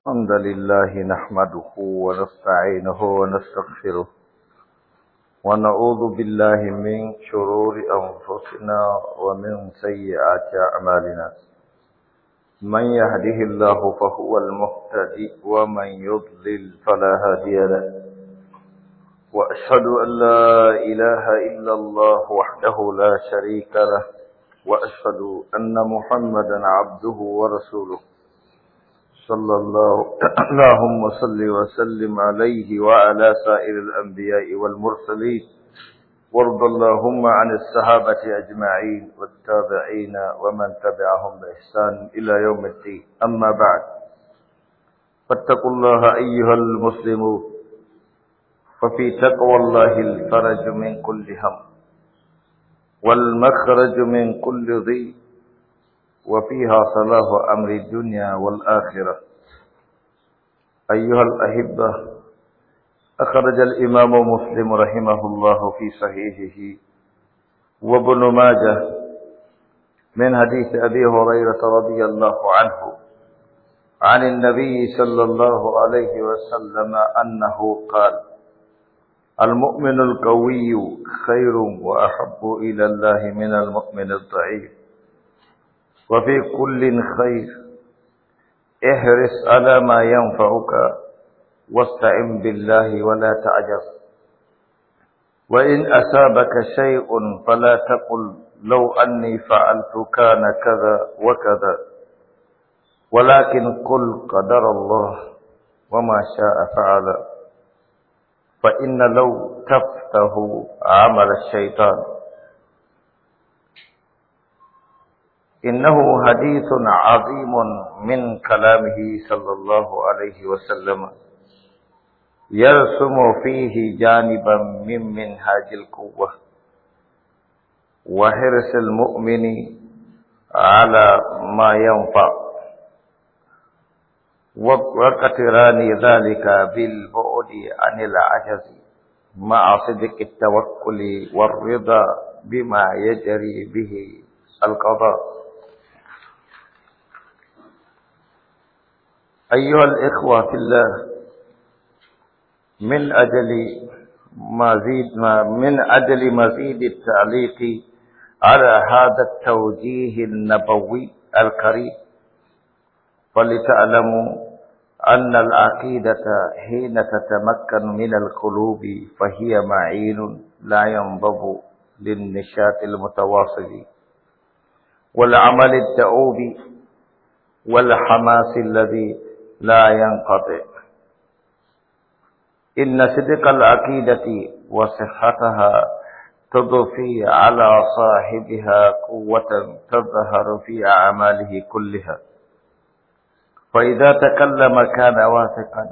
الحمد لله نحمده ونستعينه ونستغفره ونعوذ بالله من شرور أنفسنا ومن سيئات أعمالنا من يهده الله فهو المهتدي ومن يضلل فلا هادي له وأشهد أن لا إله إلا الله وحده لا شريك له وأشهد أن محمدا عبده ورسوله صلى الله اللهم صل وسلم عليه وعلى سائر الأنبياء والمرسلين وارض اللهم عن الصحابة أجمعين والتابعين ومن تبعهم بإحسان إلى يوم الدين أما بعد فاتقوا الله أيها المسلمون ففي تقوى الله الفرج من كل هم والمخرج من كل ضيق وفيها صلاح أمر الدنيا والآخرة أيها الأحبة أخرج الإمام مسلم رحمه الله في صحيحه وابن ماجه من حديث أبي هريرة رضي الله عنه عن النبي صلى الله عليه وسلم أنه قال المؤمن القوي خير وأحب إلى الله من المؤمن الضعيف وفي كل خير احرص على ما ينفعك واستعن بالله ولا تعجز وإن أصابك شيء فلا تقل لو أني فعلت كان كذا وكذا ولكن قل قدر الله وما شاء فعل فإن لو تفته عمل الشيطان إنه حديث عظيم من كلامه صلى الله عليه وسلم يرسم فيه جانبا من منهاج القوة وحرص المؤمن على ما ينفع وقتران ذلك بالبعد عن العجز مع صدق التوكل والرضا بما يجري به القضاء أيها الإخوة في الله من أجل مزيد من أجل مزيد التعليق على هذا التوجيه النبوي القريب فلتعلموا أن العقيدة حين تتمكن من القلوب فهي معين لا ينضب للنشاط المتواصل والعمل الدؤوب والحماس الذي لا ينقطع إن صدق العقيدة وصحتها تضفي على صاحبها قوة تظهر في أعماله كلها فإذا تكلم كان واثقا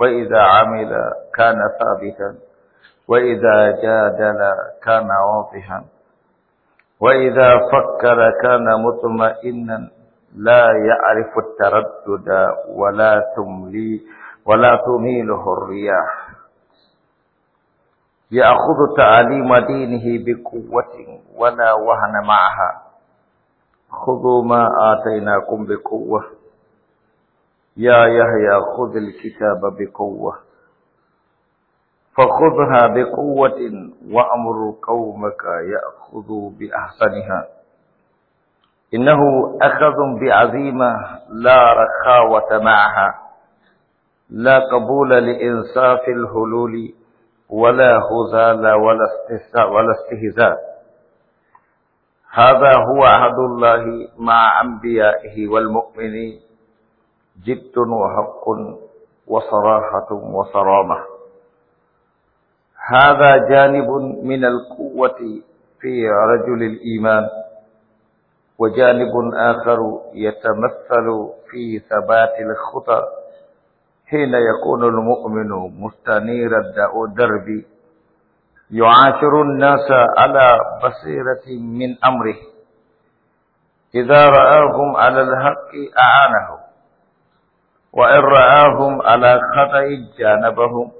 وإذا عمل كان ثابتا وإذا جادل كان واضحا وإذا فكر كان مطمئنا لا يعرف التردد ولا تملي ولا تميله الرياح يأخذ تعاليم دينه بقوة ولا وهن معها خذوا ما آتيناكم بقوة يا يحيى خذ الكتاب بقوة فخذها بقوة وأمر قومك يأخذوا بأحسنها إنه أخذ بعزيمة لا رخاوة معها لا قبول لإنصاف الهلول ولا هزال ولا ولا استهزاء هذا هو عهد الله مع أنبيائه والمؤمنين جد وحق وصراحة وصرامة هذا جانب من القوة في رجل الإيمان وجانب آخر يتمثل في ثبات الخطى حين يكون المؤمن مستنير الدرب يعاشر الناس على بصيرة من أمره إذا رآهم على الحق أعانهم وإن رآهم على خطأ جانبهم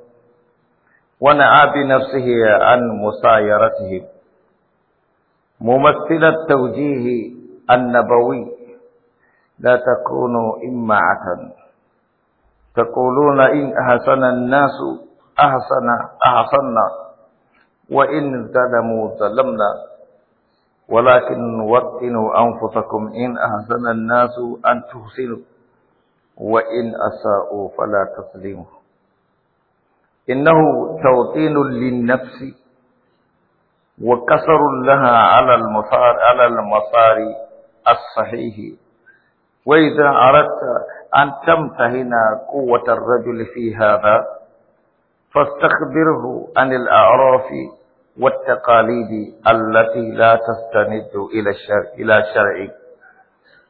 ونعى بنفسه عن مسايرتهم ممثل التوجيه النبوي لا تكونوا إمعة تقولون إن أحسن الناس أحسن أحسن وإن ظلموا ظلمنا ولكن وطنوا أنفسكم إن أحسن الناس أن تحسنوا وإن أساءوا فلا تظلموا إنه توطين للنفس وكسر لها على على المصاري الصحيح وإذا أردت أن تمتهن قوة الرجل في هذا فاستخبره عن الأعراف والتقاليد التي لا تستند إلى الشرع إلى شرع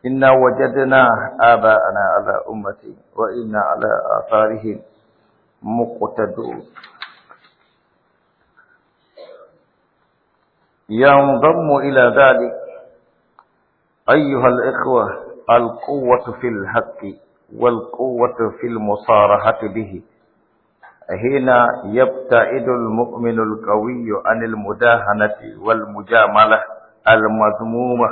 إنا وجدنا آباءنا على أمتي وإنا على آثارهم مقتدون ينضم إلى ذلك أيها الإخوة القوة في الحق والقوة في المصارحة به هنا يبتعد المؤمن القوي عن المداهنة والمجاملة المذمومة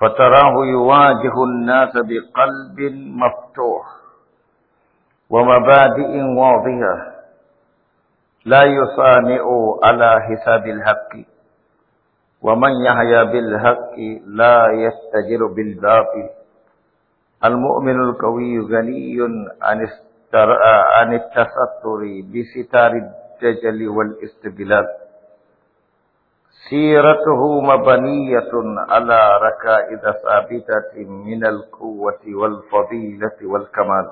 فتراه يواجه الناس بقلب مفتوح ومبادئ واضحة لا يصانع على حساب الحق ومن يحيى بالحق لا يستجر بالباطل المؤمن القوي غني عن عن التستر بستار الدجل والاستبلال سيرته مبنية على ركائد ثابتة من القوة والفضيلة والكمال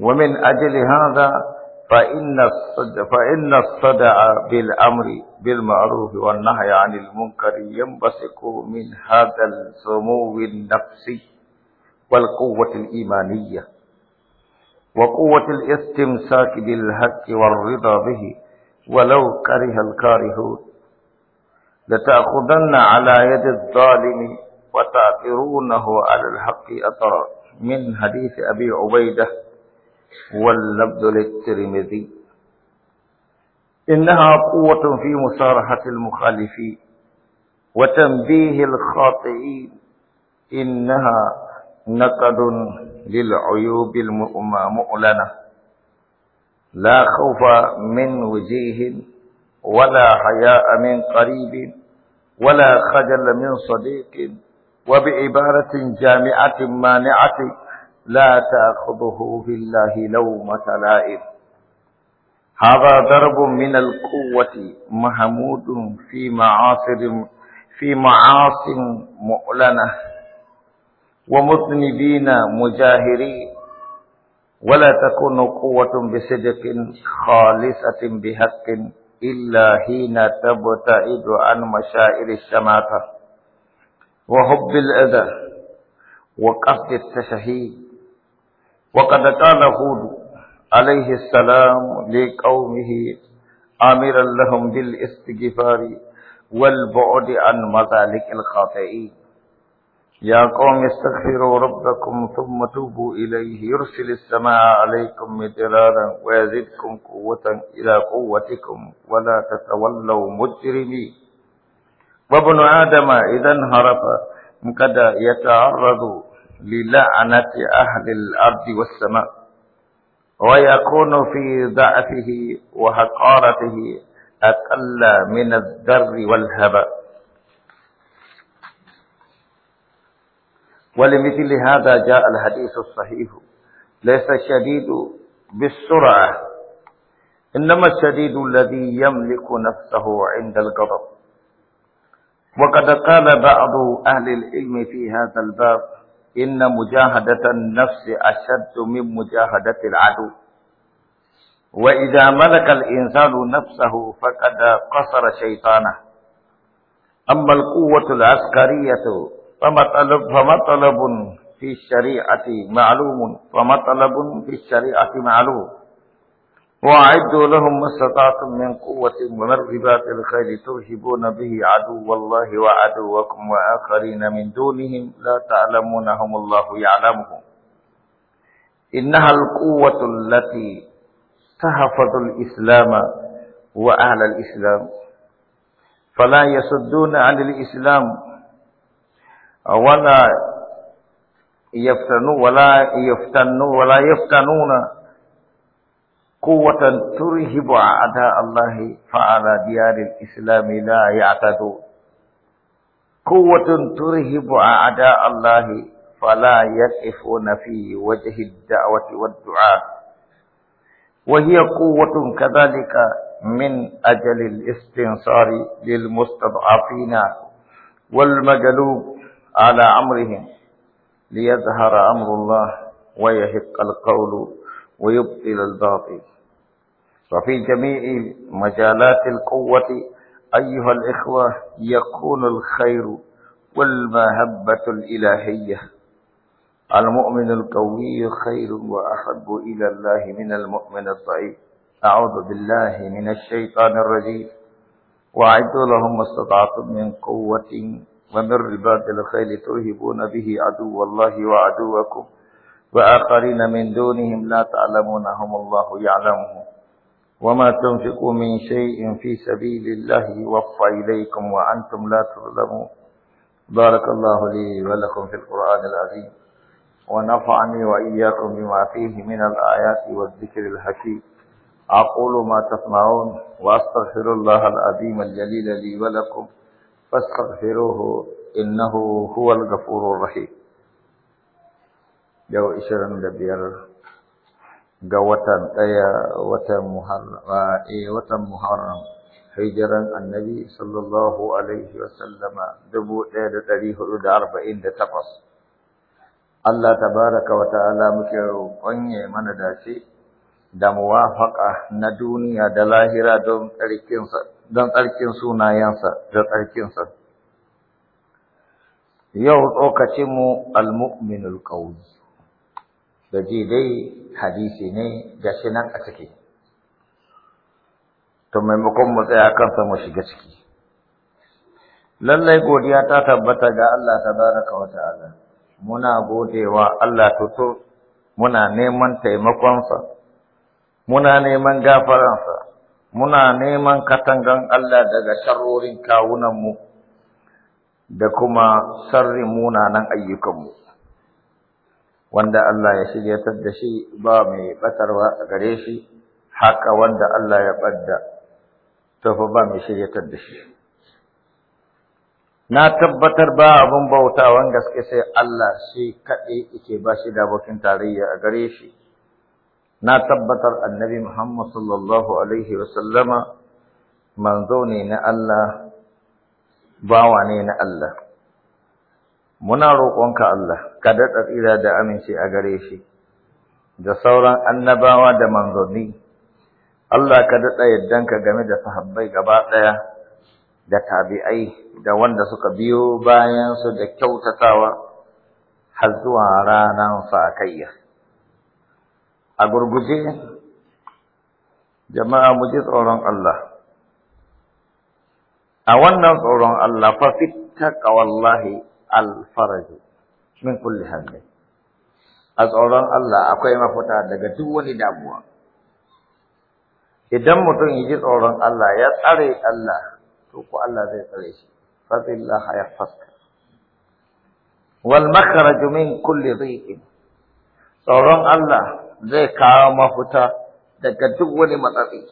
ومن أجل هذا فإن الصدع, فإن الصدع بالأمر بالمعروف والنهي عن المنكر ينبثق من هذا السمو النفسي والقوة الإيمانية وقوة الاستمساك بالحق والرضا به ولو كره الكارهون لتأخذن على يد الظالم وتأثرونه على الحق أثرا من حديث أبي عبيده واللبد للترمذي إنها قوة في مصارحة المخالفين وتنبيه الخاطئين إنها نقد للعيوب المؤلنة لا خوف من وجيه ولا حياء من قريب ولا خجل من صديق وبعبارة جامعة مانعة لا تأخذه في الله لومة لائم هذا ضرب من القوة محمود في معاصر في معاص مؤلنة ومذنبين مجاهرين ولا تكون قوة بصدق خالصة بحق إلا حين تبتعد عن مشائر الشماتة وحب الأذى وقصد التشهيد وقد قال هود عليه السلام لقومه آمرا لهم بالاستغفار والبعد عن مذالك الخاطئين يا قوم استغفروا ربكم ثم توبوا إليه يرسل السماء عليكم مدرارا ويزدكم قوة إلى قوتكم ولا تتولوا مجرمين وابن آدم إذا انهرف قد يتعرض للعنة أهل الأرض والسماء ويكون في ضعفه وهقارته أقل من الذر والهباء ولمثل هذا جاء الحديث الصحيح ليس الشديد بالسرعة إنما الشديد الذي يملك نفسه عند الغضب وقد قال بعض أهل العلم في هذا الباب إن مجاهدة النفس أشد من مجاهدة العدو وإذا ملك الإنسان نفسه فقد قصر شيطانه أما القوة العسكرية فمطلب, فمطلب في الشريعة معلوم فمطلب في الشريعة معلوم وأعدوا لهم ما استطعتم من قوة ومن رباط الخيل ترهبون به عدو الله وعدوكم وآخرين من دونهم لا تعلمونهم الله يعلمهم إنها القوة التي تحفظ الإسلام وأهل الإسلام فلا يصدون عن الإسلام ولا يفتنون ولا يفتنون ولا يفتنون قوة ترهب أعداء الله فعلى ديار الإسلام لا يعتدون قوة ترهب أعداء الله فلا يقفون في وجه الدعوة والدعاء وهي قوة كذلك من أجل الاستنصار للمستضعفين والمجلوب على أمرهم ليظهر أمر الله ويحق القول ويبطل الباطل وفي جميع مجالات القوة أيها الإخوة يكون الخير والمهبة الإلهية المؤمن القوي خير وأحب إلى الله من المؤمن الضعيف أعوذ بالله من الشيطان الرجيم وأعدوا لهم ما استطعتم من قوة ومن رباط الخيل ترهبون به عدو الله وعدوكم وآخرين من دونهم لا تعلمونهم الله يعلمهم وما تنفقوا من شيء في سبيل الله يوفى إليكم وأنتم لا تظلمون بارك الله لي ولكم في القرآن العظيم ونفعني وإياكم بما فيه من الآيات والذكر الحكيم أقول ما تسمعون وأستغفر الله العظيم الجليل لي ولكم فاستغفروه إنه هو الغفور الرحيم yau ishirin da biyar ga watan ɗaya watan Muharram eh watan Muharram hijiran annabi sallallahu alaihi wasallama dubu ɗaya da ɗari hudu da arba'in da takwas Allah tabaraka wa ta'ala muke roƙon ya mana dace da muwafaqa na duniya da lahira don tsarkin don tsarkin sunayensa da tsarkinsa yau tsokacin mu al-mu'minul qawli da ji dai hadisi ne ga shi nan a ciki to maimakon mu tsaya kansa mu shiga ciki lallai godiya ta tabbata ga Allah tabaraka wa ta'ala muna godewa Allah tutur muna neman taimakonsa muna neman gafaransa muna neman katangan Allah daga sharrorin mu, da kuma sarrin munanan ayyukanmu wanda Allah ya shiryatar da shi ba mai batarwa a gare shi haka wanda Allah ya badda to fa ba mai shiryatar da shi na tabbatar ba abun bautawan gaske sai Allah shi kaɗai yake ba shi da abokin tarayya a gare shi na tabbatar annabi Muhammad sallallahu alaihi wa sallama manzo ne na Allah bawa ne na Allah muna roƙonka Allah ka daɗa tsira da aminci a gare shi da sauran annabawa da manzanni Allah ka daɗa yaddanka game da sahabbai gaba ɗaya da tabi'ai da wanda suka biyo bayan su da kyautatawa har zuwa ranar sakayya a gurguje jama'a mu ji tsoron Allah a wannan tsoron Allah fa fitta wallahi alfaraju min kulli hamdin a tsoron Allah akwai mafuta daga duk wani damuwa idan mutum ya tsoron Allah ya tsare Allah to ko Allah zai tsare shi fadillah ya faska wal makhraj min kulli dhiqin tsoron Allah zai kawo mafuta daga duk wani matsatsi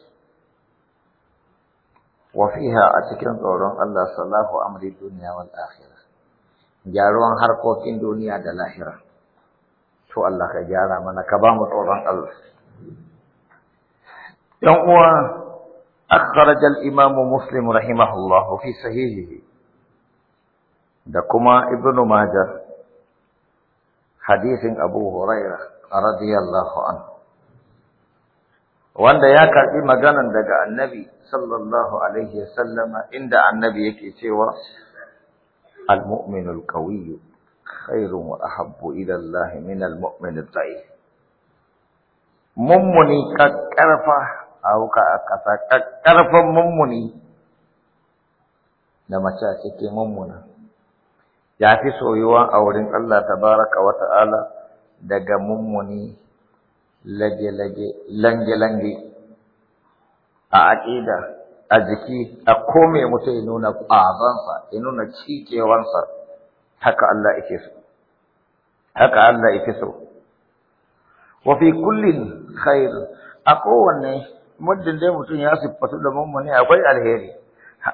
wa fiha a cikin tsoron Allah salahu amri duniya wal akhirah gyaruwan harkokin duniya da lahira to Allah ka gyara mana ka ba mu tsoron Allah dan uwa akhraj al-imam muslim rahimahullah fi sahihihi da kuma ibnu majah hadisin abu hurairah radiyallahu an. wanda ya karɓi maganan daga annabi sallallahu alaihi wasallama inda annabi yake cewa المؤمن القوي خير وأحب إلى الله من المؤمن الضعيف ممني ككرفة أو كأكسا ككرفة ممني لما شاكك ممنا يعفي سويوا أولين الله تبارك وتعالى دقى ممني لجي لجي لنجي لنجي أعقيده a jiki a kome mutum ya nuna ƙwazansa ya nuna cikewansa haka Allah yake so haka Allah yake so wa fi kullin khair a kowanne muddin dai mutum ya siffatu da mummuni akwai alheri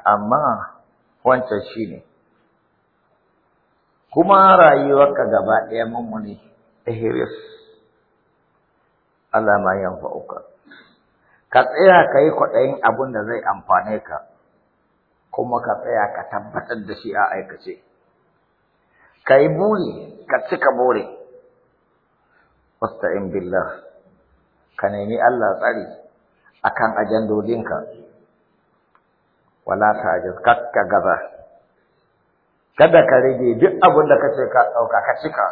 amma wancan shine kuma rayuwarka gaba ɗaya mummuni ihris eh, ala ma yanfa'uka ka tsaya ka yi kwaɗayin abin da zai amfane ka kuma ka tsaya ka tabbatar da shi a aikace ka yi buri ka cika buri. wasta'in billah ka nemi Allah tsari akan ajandodinka wala tajid kakka gaza kada ka rage duk abin da ka ce ka ɗauka ka cika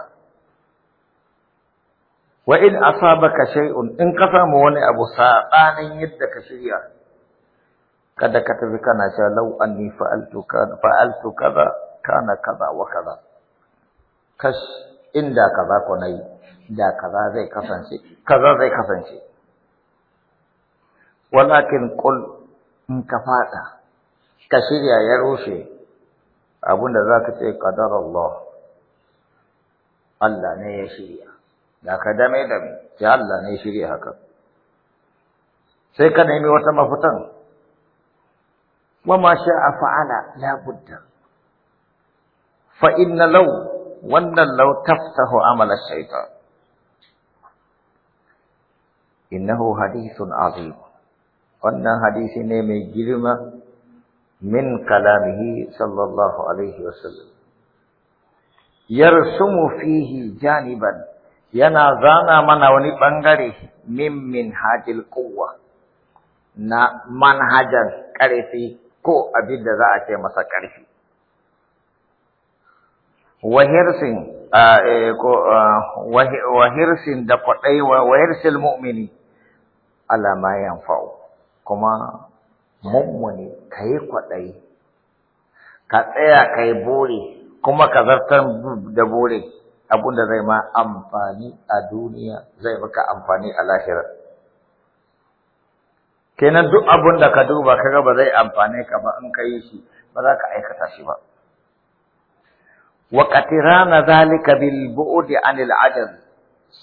wa in asabaka shay'un in ka samu wani abu sabanin yadda ka shirya kada ka tafi kana cewa law anni fa'altu kaza fa'altu kaza kana kaza wa kaza kash inda kaza ko nayi da kaza zai kasance kaza zai kasance walakin qul in ka fada ka shirya ya rushe abinda zaka ce qadar Allah Allah ne ya shirya da ka dame dame sai Allah ne shirya haka sai ka nemi wata mafutan. wa sha'a fa'ala la budda fa inna law wannan law taftahu amala shaytan innahu hadithun azim wannan hadisi ne mai girma min kalamihi sallallahu alaihi wasallam يرسم فيه جانبا yana zana mana wani ɓangare min min hajil kowa na manhajar ƙarfi ko abin da za a ce masa ƙarfi. Wahirsin e, wahirsin da kwaɗai wahirsin mu'mini alama yanfa'u kuma mummuni ka yi kwaɗayi ka tsaya ka yi bore kuma ka zartar da bore abun da zai ma amfani a duniya zai maka amfani a lahira kenan duk abun da ka duba kaga ba zai amfane ka ba in ka yi shi ba za ka aikata shi ba wa qatirana zalika bil bu'di anil ajaz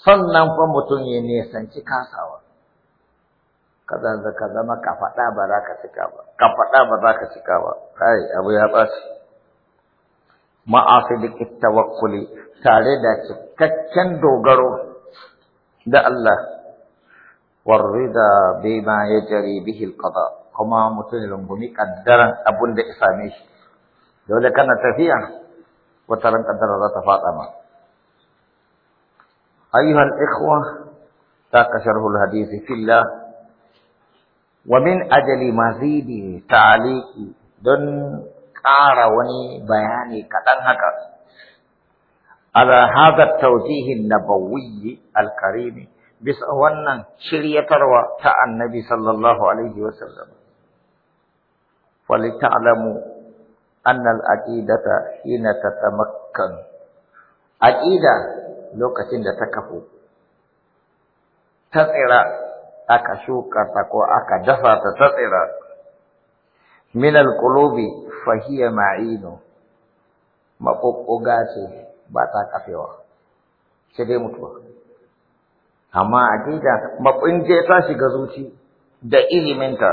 sannan fa mutum ya sanci kasawa kaza ka zama ka faɗa ba za ka cika ba ka faɗa ba za ka cika ba kai abu ya ɓaci ma'a sidiqit tawakkuli tare da cikakken dogaro da Allah warida bima yajri bihi alqada kuma mutum rungumi kaddaran abun da isa ne shi dole kana tafiya wata ran kaddara za ta fada ma ayyuhal ikhwa ta kasharhul hadisi fillah ومن أجل مزيد تعليق دن ƙara wani bayani kadan haka. Ala hada tawjihi nabawiyyi alkarim bis wannan shiryatarwa ta annabi sallallahu alaihi wasallam walita'lamu Falita'lamu anna al-aqidata hina tatamakkan. Aqida lokacin da ta kafu ta tsira aka shuka ta ko aka dafa ta ta tsira min alqulubi fa hiya ma'inu maƙoƙoga ba ta kafewa sai dai mutuwa amma akida maƙunje ta shiga zuci da iliminta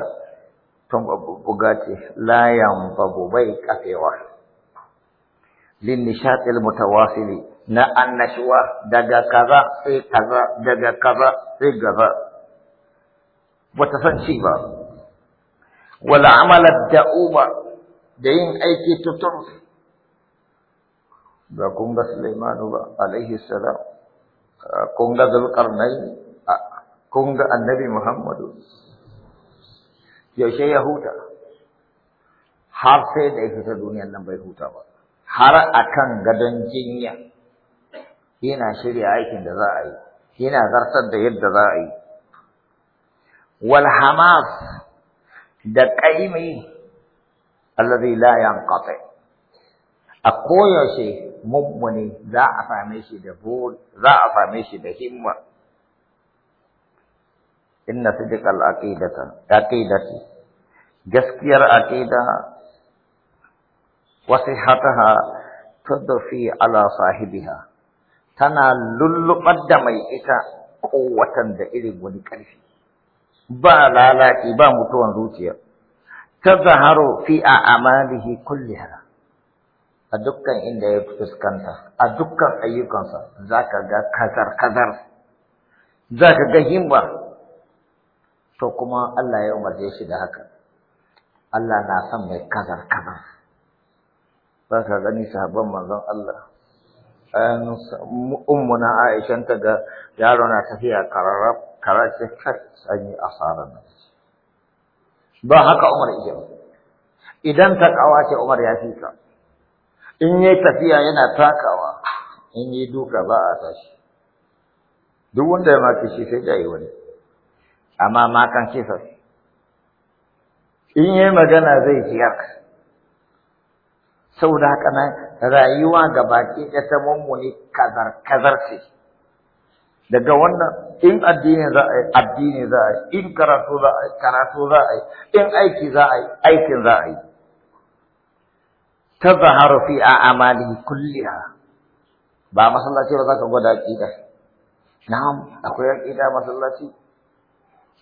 tun ɓuɓɓuga ce layan babu bai kafewa lin nishatil mutawasili na annashuwa daga kaza sai kaza daga kaza sai kaza wata san ci ba wal amala da'uba da yin aiki tutur da kun ga Sulaiman ba alaihi salam kun ga Zulqarnain kun ga Annabi Muhammad yaushe ya huta har sai da ita duniyar nan bai huta ba har akan gadon jinya yana shirya aikin da za a yi yana zartar da yadda za a yi wal hamas da ƙaimi allazi la yanqati a koyaushe mummuni za a same shi da bol za a same shi da himma inna sidqal aqidata aqidati gaskiyar aqida wa sihhataha tudfi ala sahibiha tana lullubar da mai ita kowatan da irin wani ƙarfi ba lalaci ba mutuwan zuciya ta zaharo fi a amalihi kulliha a dukkan inda ya fuskanta a dukkan ayyukansa za ka ga kazar-kazar za ka ga himba to kuma Allah ya umarce shi da haka Allah na son mai kazar-kazar za ka gani sahabban manzon Allah ummuna Aisha ta ga yaro na tafiya kararrab karatun kar an yi asarar nan ba haka Umar iya idan ta ce Umar ya fi ka in yi tafiya yana takawa in yi duka ba a tashi duk wanda ya mafi shi sai jayi wani amma kan kisa in yi magana zai ciyar da haka nan rayuwa baki ɗaya ta mummuni kazar kazar ce daga wannan in addini za a yi addini za a yi in karatu za a yi karatu za a yi in aiki za a yi aikin za a yi ta zaharu fi a amali kulliya ba masallaci ba za ka gwada aƙida na'am akwai aƙida masallaci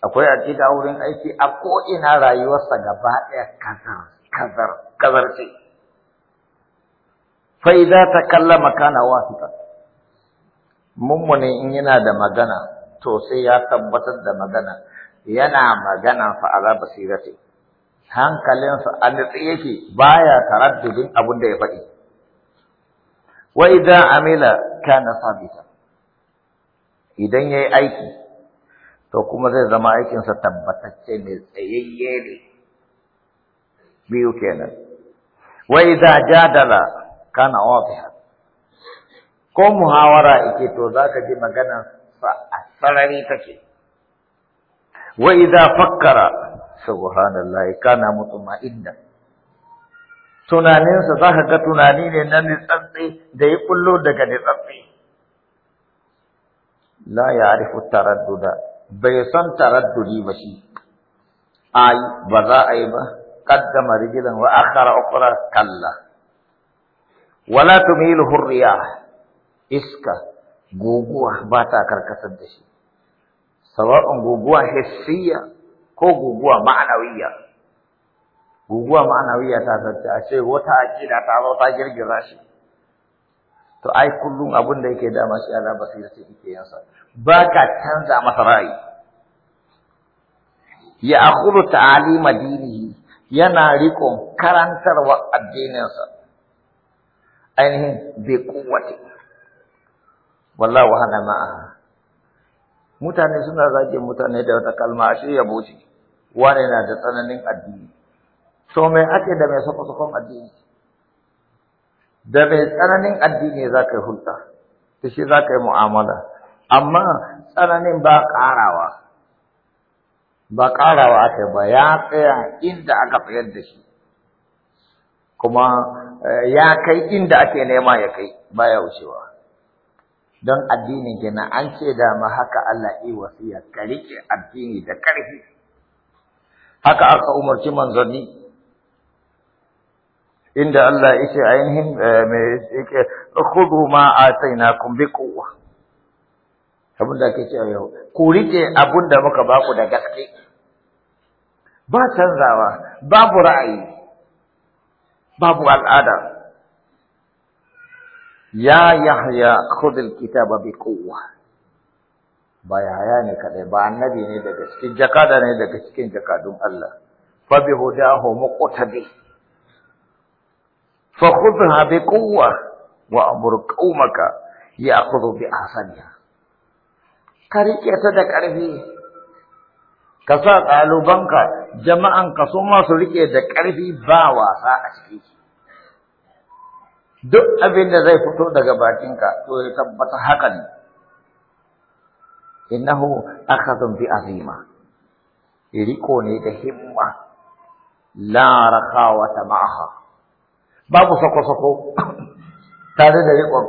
akwai aƙida wurin aiki a ko'ina rayuwarsa gaba ɗaya kazar kazar kazar ce fa idza takallama kana wasiqan mummune in yana da magana to sai ya tabbatar da magana yana magana fa ala basirati hankalinsa an nitsi yake baya taraddudin abin da ya faɗi wa idan amila kana sabita idan yayi aiki to kuma zai zama aikinsa tabbatacce ne tsayayye ne biyu kenan wa idza jadala kana wadiha ko muhawara ike to za ka ji maganar sa a sarari take wa idza fakkara subhanallahi kana mutma'inna tunaninsa za ka ga tunani ne na nitsatsi da ya kullo daga nitsatsi la ya'rifu taradduda bai san taraddudi ba shi ai ba za a yi ba qaddama rijlan wa akhara ukhra kalla wala tumilu hurriyah iska guguwa ba ta karkasar da shi sawa'un guguwa hissiya ko guguwa ma'anawiya guguwa ma'anawiya ta sarta a ce wata aƙida ta zo ta girgiza shi to ai kullum abin da yake dama shi ala ce yake yansa ba ka canza masa ra'ayi ya akhudu ta'alima dinihi yana rikon karantarwa addininsa ainihin bi kuwwati wallahi wahana ma'a, mutane suna zage mutane da wata kalma ashe ya boci. wane na da tsananin addini so me ake da mai sako-sakon addini da mai tsananin addini za ka yi hulɗa da shi za ka mu'amala amma tsananin ba ƙarawa ba ƙarawa aka ba ya tsaya inda aka tsayar da shi kuma eh, ya kai inda ake nema ya kai baya wucewa don addinin gina an ce dama haka Allah yi wasiya ka rike addini da ƙarfi haka aka umarci manzanni inda Allah yake ainihin eh, mai yake khudhu ma atainakum bi quwwa abin da ake cewa yau ku rike abin da muka baku da gaske ba canzawa babu ra'ayi babu al'ada ya yahya khudil kitaba bi quwwa ba yaya ne kaɗai? ba annabi ne daga cikin jakada ne daga cikin jakadun Allah fa bi hudahu muqtadi fa khudha bi quwwa wa amur qaumaka ya'khudhu bi ahsaniha ka rike ta da ƙarfi ka sa ɗalibanka su ma rike da ƙarfi ba wasa a duk abin da zai fito daga bakinka to ya tabbata haka ne innahu akhadhun bi azima riko ne da himma la ta ma'aha babu sako-sako tare da riƙon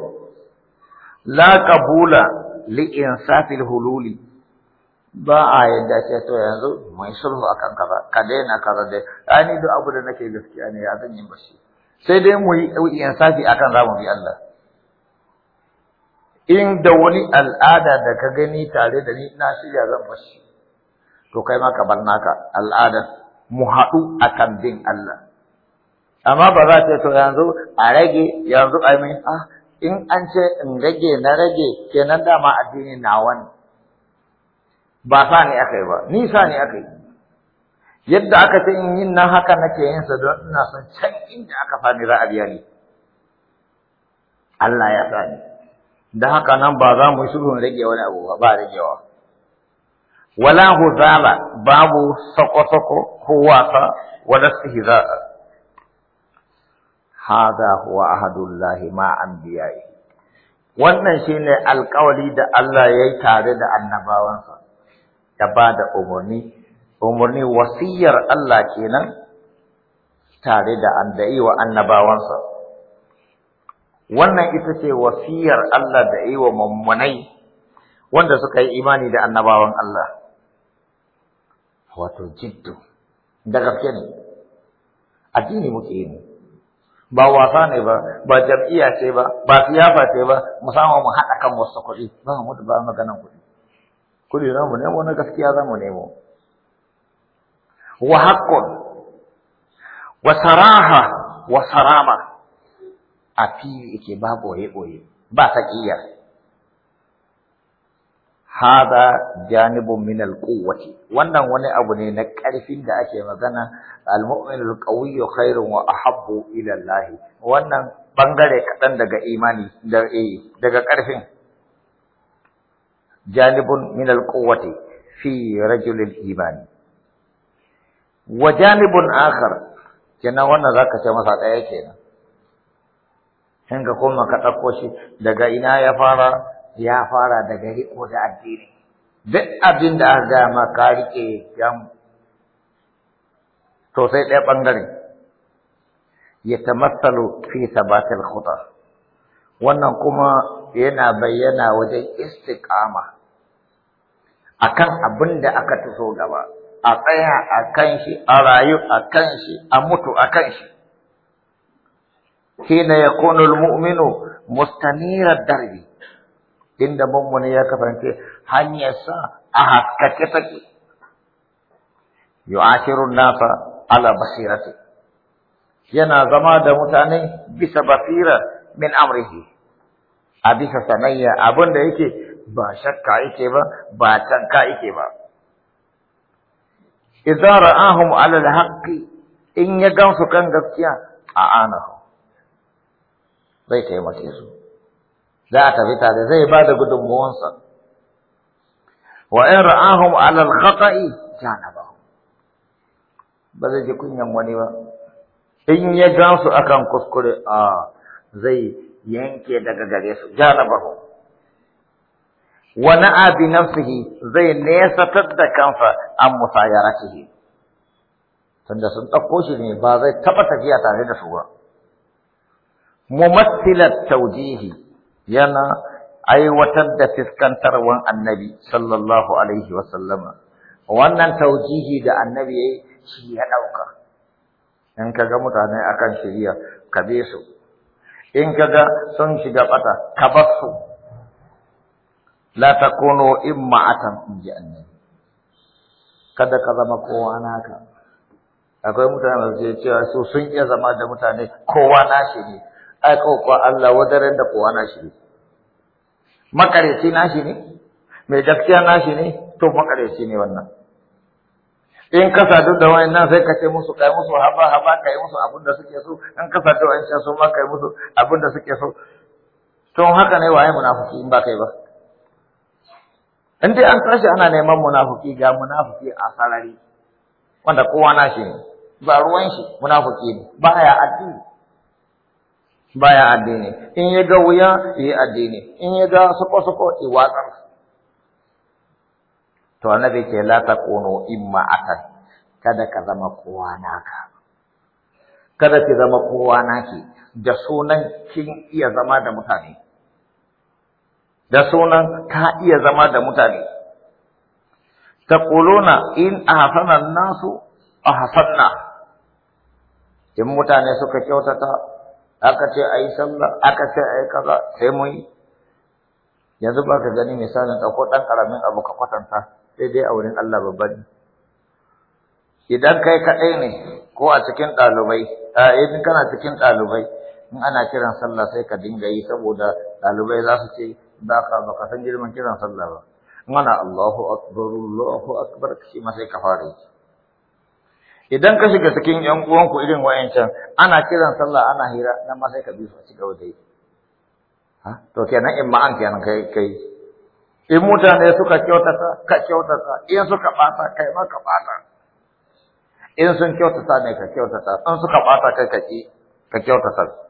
la kabula li insafil hululi ba a yadda ce to yanzu mai sulhu akan kaza ka daina kaza dai ani duk abu da nake gaskiya ne ya zan yi bashi sai dai mu yi safi akan za mu bi Allah in da wani al'ada da ka gani tare da ni na shirya zan fashi to kai ma ka bar naka al'ada mu haɗu akan bin Allah amma ba za ta to yanzu a rage yanzu a mai ah in an ce in rage na rage kenan dama addini na wani ba sa ni aka ba nisa ni aka yi yadda aka ce in yin nan haka nake yin sa don ina son can inda aka fani za a biya Allah ya sa ni da haka nan ba za mu shiru rage wani abu ba ba ragewa wala huzala babu sako-sako ko wasa wala stihza hada huwa ahadullahi ma anbiya'i wannan shine alƙawari da Allah yayi tare da annabawansa da ba da umarni umarni wasiyar Allah kenan tare da andai wa annabawansa wannan ita ce wasiyar Allah da yi wa mummunai wanda suka yi imani da annabawan Allah wato jiddu da gaske ne addini muke yi ba wasa ne ba ba jam'iyya ce ba ba siyasa ce ba musamman mu haɗa kan wasu kuɗi ba mu da ba maganan kuɗi kuɗi za mu nemo na gaskiya za mu nemo wa Wasaraha, Wasarama, a fili yake ba boye boye ba taqiyya hada janibun min alquwwati wannan wani abu ne na ƙarfin da ake magana almu'min alqawiyyu khairun wa ahabbu ila Allah wannan ɓangare kaɗan daga imani eh, daga karfin janibun minal alquwwati fi rajulil imani wa janibun akhar kenan wannan zaka ce masa daya kenan kin ka kuma ka ɗauko shi daga ina ya fara ya fara daga riko da addini duk abin da aka gaya ma ka riƙe jam to sai ɗaya bangare ya tamassalu fi sabatil khuta wannan kuma yana bayyana wajen istiqama akan abinda aka taso gaba a tsaya a kan shi a rayu a kan shi a mutu a kan shi hina yakunu muminu mustanira darbi inda mummuni ya kasance hanyarsa a haskace take yu'ashiru nasa ala basirati yana zama da mutane bisa basira min amrihi a bisa sanayya abin da yake ba shakka yake ba ba tanka yake ba idza ra'ahum 'ala al-haqqi in ya gansu kan gaskiya a'anahu zai taimake su za a tafi tare zai bada da gudunmuwansa wa in ra'ahum 'ala al-khata'i janabahu ba zai ji kunyan wani ba in ya gansu akan kuskure a zai yanke daga gare su janabahu Wani abin bi nafsihi zai nesa da kansa an musayaratihi tunda sun ɗauko shi ne ba zai taɓa tafiya tare da su ba mumattilat taujihi yana aiwatar da fiskantarwan annabi sallallahu alaihi wannan taujihi da annabi yayi shi ya ɗauka in ka ga mutane akan shirya ka bi su in ka ga sun shiga ɓata ka bar su la takunu imma'atan in ji annabi kada ka zama kowa naka akwai mutane da suke cewa su sun iya zama da mutane kowa nashi ne ai kowa Allah wadare da kowa nashi ne makareci nashi ne mai gaskiya nashi ne to makareci ne wannan in ka sadu da wayannan sai ka ce musu kai musu haba haba kai musu abin da suke so in ka sadu da wayannan su ma kai musu abin da suke so to haka ne waye munafiki in ba kai ba in dai an tashi ana neman munafiki ga munafiki a sarari wanda kowa na shi ne ba ruwan shi munafiki ne baya addini ya addini in ya ga wuya yi addini in ya ga sako sako yi watsar to annabi ke la kono imma akan kada ka zama kowa naka kada ki zama kowa naki da sunan kin iya zama da mutane da sunan ka iya zama da mutane Ta taquluna in a ahsana nasu a hasanna, in mutane suka kyautata aka ce a yi sallah aka ce a yi kaza sai mu yi yanzu ba ka gani misalin ɗauko ɗan ƙaramin abu ka kwatanta sai dai a wurin Allah babba ne idan kai kaɗai ne ko a cikin ɗalibai A idan kana cikin ɗalibai in ana kiran sallah sai ka dinga yi saboda ɗalibai za su ce da ba san girman kiran sallah ba mana Allahu akbar Allahu akbar shi ma sai ka fara idan ka shiga cikin yan uwanku irin wayancan ana kiran sallah ana hira nan ma sai ka bi su a cikin waje ha to kenan in ma an kenan kai kai in mutane suka kyautata ka kyautata in suka bata kai ma ka bata in sun kyautata ne ka kyautata in suka bata kai ka ki ka kyautata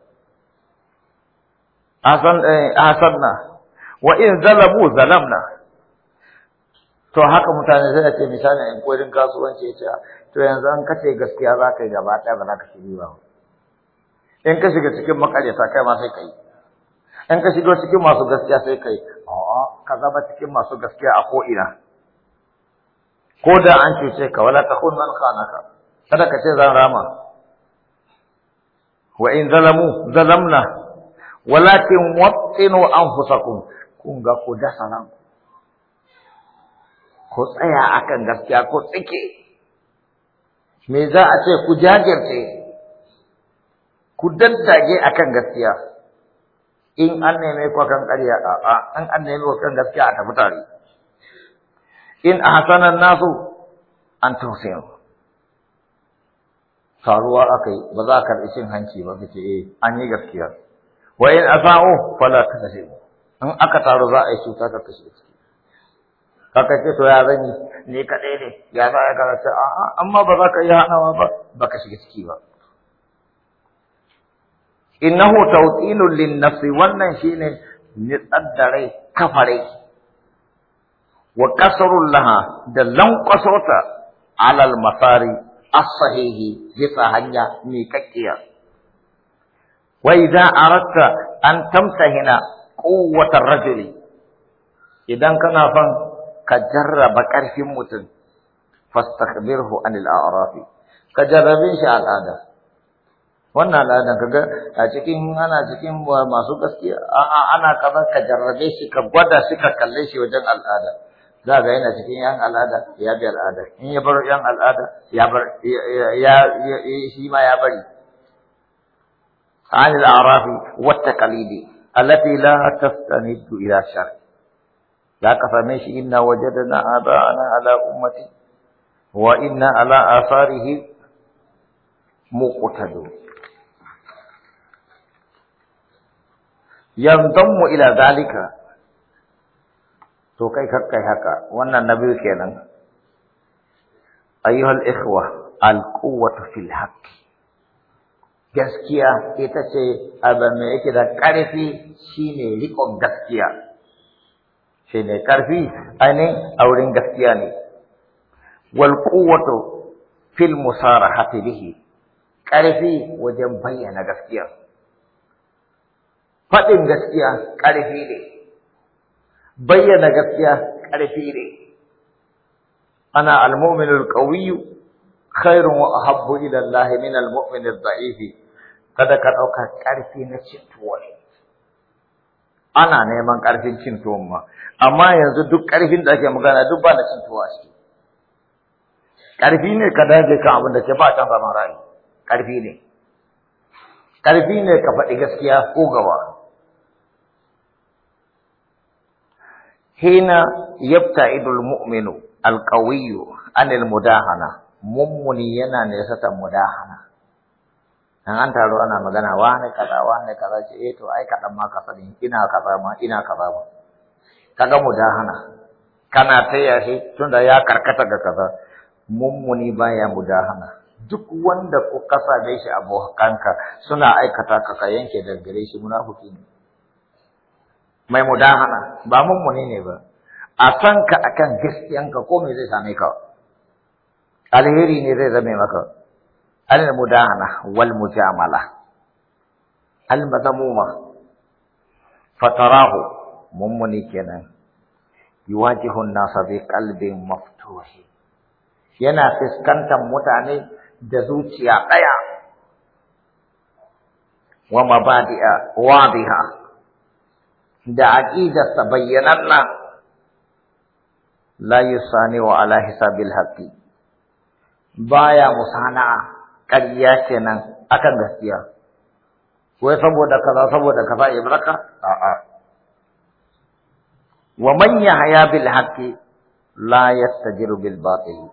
hasan eh hasan na wa in zalamu zalamna to haka mutane sai ce misali in koyin kasuwanci yace to yanzu an kace gaskiya za ka yi gaba ɗaya ba za ka shiri ba in ka shiga cikin ta kai ma sai kai in ka shiga cikin masu gaskiya sai kai a'a ka zama cikin masu gaskiya a ko ina ko da an cuce ka wala takun man khanaka kada ka ce zan rama wa in zalamu zalamna walakin wattinu anfusakum kun ga ku dasa nan ku tsaya akan gaskiya ku tsike me za a ce ku jajirce ku daddage akan gaskiya in an neme ku kan ƙarya a in an neme ku kan gaskiya a tafi tare in a hasanan nasu an tausayin taruwa aka yi ba za a karɓi cin hanci ba ka ce eh an yi gaskiya wa in asa'u fala mu in aka taru za a yi cuta ka kashe ciki kaka ce to ya zan yi kaɗai ne ya za a karanta a'a amma ba za ka yi haɗawa ba ba ka shiga ciki ba innahu tawtilun lin nafsi wannan shine nitsar da rai kafare wa kasrul laha da lanqasota alal masari as-sahihi bisa hanya mai kakkiya wa idza aratta an tamtahina quwwatar rajuli idan kana fan ka jarraba karfin mutum fastakbirhu anil a'rafi ka jarrabe shi al'ada wannan al'adan kaga a cikin ana cikin masu gaskiya a'a ana kaza ka jarrabe shi ka gwada shi ka kalle shi wajen al'ada za ga yana cikin yan al'ada ya bi al'ada in ya bar yan al'ada ya bar ya shi ma ya bari anil a'rafi wat taqlidi التي لا تستند إلى شر لا قفمش إنا وجدنا آباءنا على أمتي وإنا على آثاره مقتدون ينضم إلى ذلك تو كيف كيف هكا وانا النبي كينا أيها الإخوة القوة في الحق gaskiya ita ce abin da yake da ƙarfi shine riƙon gaskiya shi ne ƙarfi ainihin a wurin gaskiya ne wal quwwatu fil musarahati bihi ƙarfi wajen bayyana gaskiya faɗin gaskiya ƙarfi ne bayyana gaskiya ƙarfi ne ana al-mu'minul qawiyyu khairun wa ahabbu ila Allah min al-mu'min ad-da'if kada ka ɗauka ƙarfi na cin tuwo ne ana neman ƙarfin cin tuwon ma amma yanzu duk ƙarfin da ake magana duk ba na cin tuwo a ciki ƙarfi ne ka dage kan abin da ke ba can zama rayu. ƙarfi ne ƙarfi ne ka faɗi gaskiya ko gaba hina yabta idul mu'minu alƙawiyu anil mudahana mummuni yana nesata mudahana dan an taro ana magana wani kaza wani kaza ce eh to ai kaɗan ma ka sani ina kaza ma ina kaza ma kaga mu da kana ta yashi tunda ya karkata ga kaza mummuni baya mu da hana duk wanda ku kasa da shi abokanka suna aikata ka ka yanke dangare gare shi munafiki ne mai mudahana ba mummuni ne ba a san ka akan gaskiyanka ko me zai same ka alheri ne zai zame maka المدانة والمجاملة المذمومة فتراه ممني كنا يواجه الناس بقلب مفتوح yana fuskantar mutane da zuciya ɗaya wa mabadi'a wadiha da aqidarsa bayyananna la yusani wa ala hisabil haqqi baya musana'a ƙarya kenan akan gaskiya wai saboda kaza saboda kaza ibraka a'a wa man yahya bil haqqi la yastajiru bil batil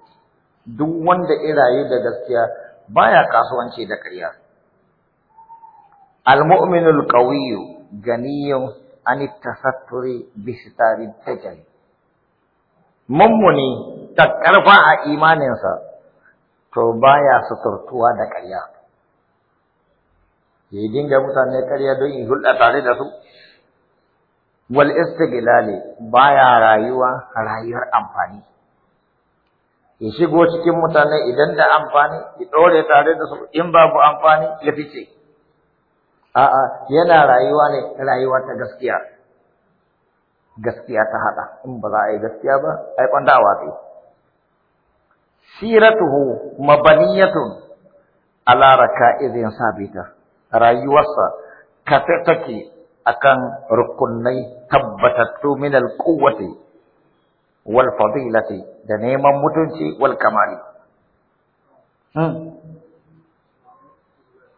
duk wanda iraye da gaskiya baya kasuwanci da ƙarya al mu'minul qawiyyu ganiyun an tasatturi bi sitari tajal mummuni ta karfa a imaninsa to baya suturtuwa da ƙarya ya dinga mutane ƙarya don in hulɗa tare da su wal istiglali baya rayuwa rayuwar amfani ya shigo cikin mutane idan da amfani ya ɗore tare da su in babu amfani ya fice a'a yana rayuwa ne rayuwa ta gaskiya gaskiya ta haɗa in ba za a yi gaskiya ba ai a kai siratuhu mabaniyatun ala raka'izin sabita rayuwarsa kafe take akan rukunai tabbatattu min alquwwati wal fadilati da neman mutunci wal kamali hmm.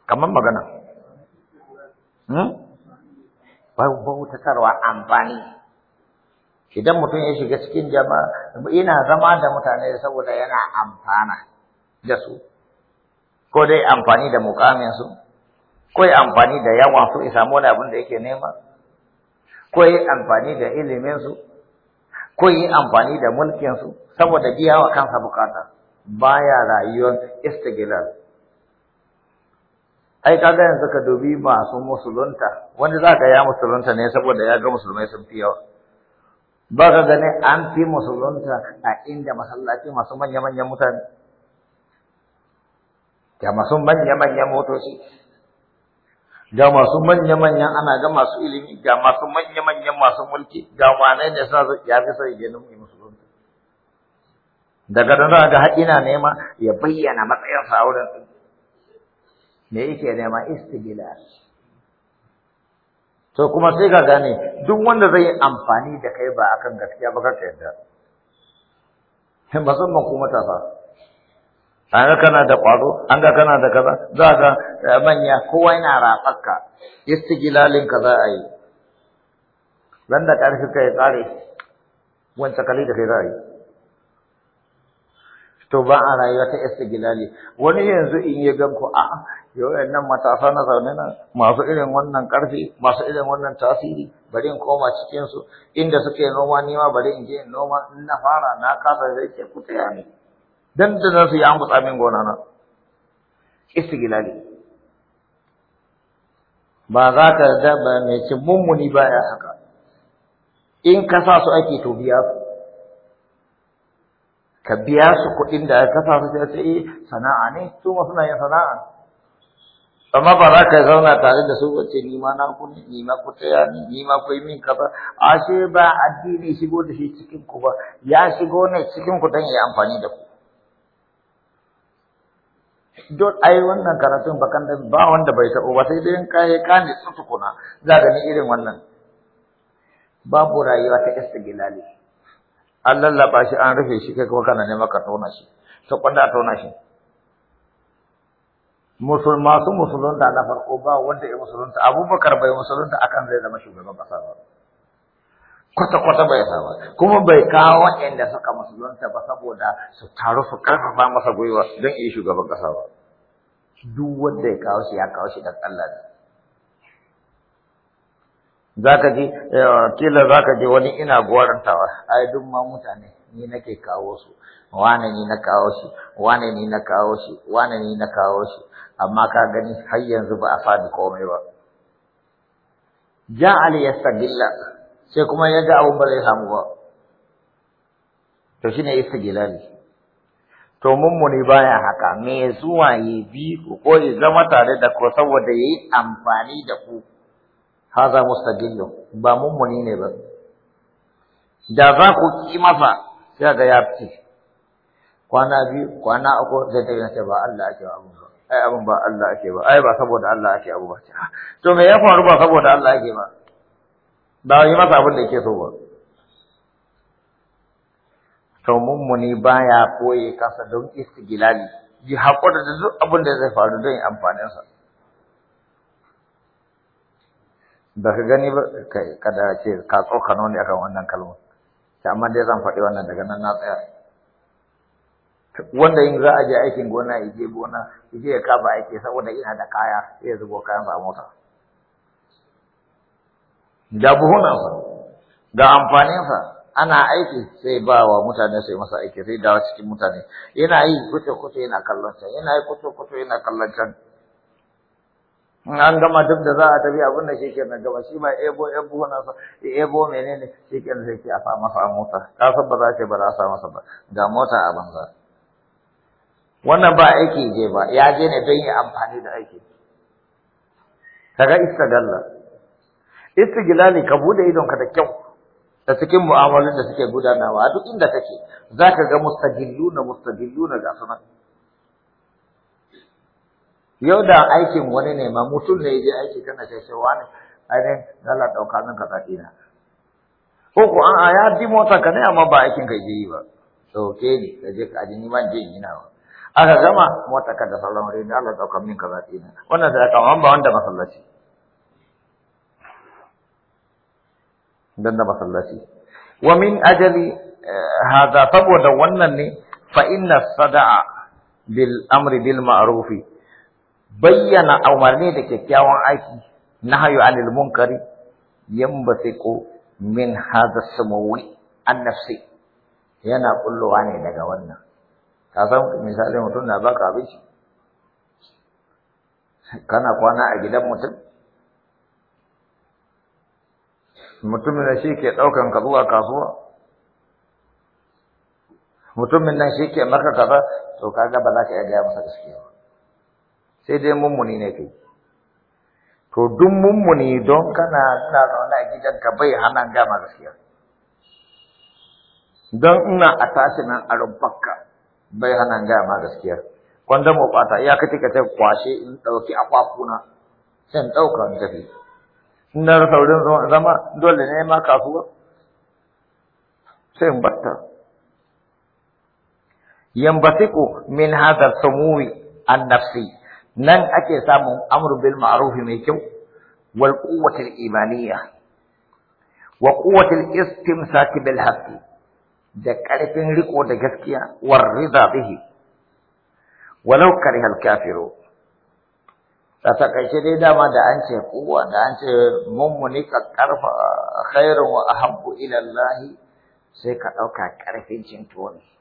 kamar magana hmm? bautatarwa amfani idan mutum ya shiga cikin jama'a yana zama da mutane saboda yana amfana da su ko dai amfani da mukamin su ko ya amfani da yawa su ya samu abin da yake nema ko ya amfani da ilimin su ko ya amfani da mulkin su saboda biya kansa bukata baya rayuwar istigilal ai kaga yanzu ka dubi masu musulunta wani zaka ya musulunta ne saboda ya ga musulmai sun fi yawa ba ka gane an fi musulunta a inda masallaci masu manya-manyan mutane ga masu manya-manyan motoci ga masu manya-manyan ana ga masu ilimi ga masu manya-manyan masu mulki ga wane ne sa ya fi sai ganin mai musulunta daga nan za ga na nema ya bayyana matsayinsa a wurin me yake nema istigilal to kuma sai ka gane duk wanda zai yi amfani da kai ba akan gaskiya ba kaka yadda musamman ko matasa an ga kana da ƙwazo an ga kana da kaza za ka manya kowa yana rafakka istigilalin ka za a yi ran da tsare wancan kali da kai za a yi to ba a rayuwa ta istigilali wani yanzu in ya gan ku a'a yau wannan matasa na zaune nan masu irin wannan karfi masu irin wannan tasiri bari in koma cikin su inda suke noma ni ma bari in je in noma in na fara na kasa zai ke kutaya ni dan da za su yi an min gona na istigilali ba za ka da ba mai ci mummuni ba ya haka in ka sa su ake to biya su ka biya su kuɗin da ya sa su sai sai sana'a ne su ma suna yin sana'a amma ba za ka zauna tare da su wace ni ma na ku ni ma ku taya ni ni ma ku yi min kafa ashe ba addini shigo da shi cikin ku ba ya shigo ne cikin ku dan yi amfani da ku don ai wannan karatun kan da ba wanda bai taɓo ba sai dai ka ne kane tsutukuna za ka ni irin wannan babu rayuwa ta istigilali an lallaba shi an rufe shi kai kuma kana neman ka tona shi to kwanda tona shi musulma su musulunta na farko ba wanda ya musulunta abubakar bai musulunta akan zai zama shugaban kasa ba kwata-kwata bai sa ba kuma bai kawo waɗanda suka musulunta ba saboda su taru su karfafa masa gwiwa don iya shugaban kasa ba duk wanda ya kawo shi ya kawo shi dan Allah ne zaka ji eh, kila zaka je wani ina gwarantawa ai duk ma mutane ni nake kawo su wane ni na kawo shi wane ni na kawo shi wane ni na kawo shi amma ka gani har yanzu ba a fadi komai ba ja ali yastagilla sai kuma ya ga abun ba zai samu ba to shine istigilali to mummuni baya haka me zuwa yi bi ko ya zama tare da ku saboda yayi amfani da ku haza mustaqillu ba mummuni ne ba da za ku ki masa sai ga ya fice kwana bi kwana uku da ta ce ba Allah ake ba abun ba ai abun ba Allah ake ba ai ba saboda Allah ake abu ba to me ya faru ba saboda Allah ake ba ba yi masa abin da yake so ba to mummuni baya koyi kasa don istigilali ji hakuri da duk abin da zai faru don sa. ba ka gani ba kada ce ka tsokano ne akan wannan kalmar ta amma dai zan faɗi wannan daga nan na tsaya wanda in za a je aikin gona ya je gona ya je ya kaba aiki saboda ina da kaya sai ya zubo kayan a mota da buhunansa da amfaninsa ana aiki sai ba wa mutane sai masa aiki sai dawo cikin mutane yana yi kuce kuce yana kallon can yana yi kuce kuce yana kallon can in an gama duk da za a tafi abin da shi ke na gaba shi ma ebo ebo na sa ebo menene shi ke zai ke a sa masa a mota ka san ba za ce ba za a sa masa ba ga mota a banza wannan ba aiki je ba ya je ne don yi amfani da aiki kaga istagalla istigilali ka bude idonka da kyau da cikin mu'amalolin da suke gudanawa a duk inda kake zaka ga mustaqilluna mustaqilluna ga sunan yau da aikin wani ne ma mutum ne je aiki kana kai ce wani ainihin Allah ɗauka nan ka tsaki na ko ko an aya ji mota ka ne amma ba aikin ka je yi ba to ke ni ka je ka ji ni ban je yi na aka gama mota ka da sauran wuri da Allah ɗauka min ka tsaki na wannan da ka ba wanda masallaci dan da masallaci wa min ajali eh, hada saboda wannan ne fa inna sada'a bil amri bil ma'rufi bayyana umarni da kyakkyawan aiki na hayo anil munkari ko min hada samawi an-nafsi yana kullowa ne daga wannan ka san misali mutum na baka abinci kana kwana a gidan mutum mutumin da shi ke ɗaukan ka zuwa kasuwa mutumin nan shi ke maka kaza to kaga ba za ka iya gaya masa gaskiya sai dai mummuni ne kai to duk mummuni don kana ina zaune a gidanka bai hana gama gaskiya don ina a tashi nan a rumfarka bai hana gama gaskiya kwanda mu bata ya kace kace kwashe in dauki akwakuna sai dauka in tafi in na rasa wurin zama dole ne ma kasuwa sai in batta yambatiku min hadha samui an-nafsi nan ake samun amru bil ma'ruf mai kyau wal quwwati al imaniyya wa quwwati al istimsaki bil haqq da karfin riko da gaskiya war rida bihi walau kariha al kafiru ta takaice dai dama da an ce kuwa da an ce mummuni ka karfa khairu wa ahabbu ila Allah sai ka dauka karfin cin ne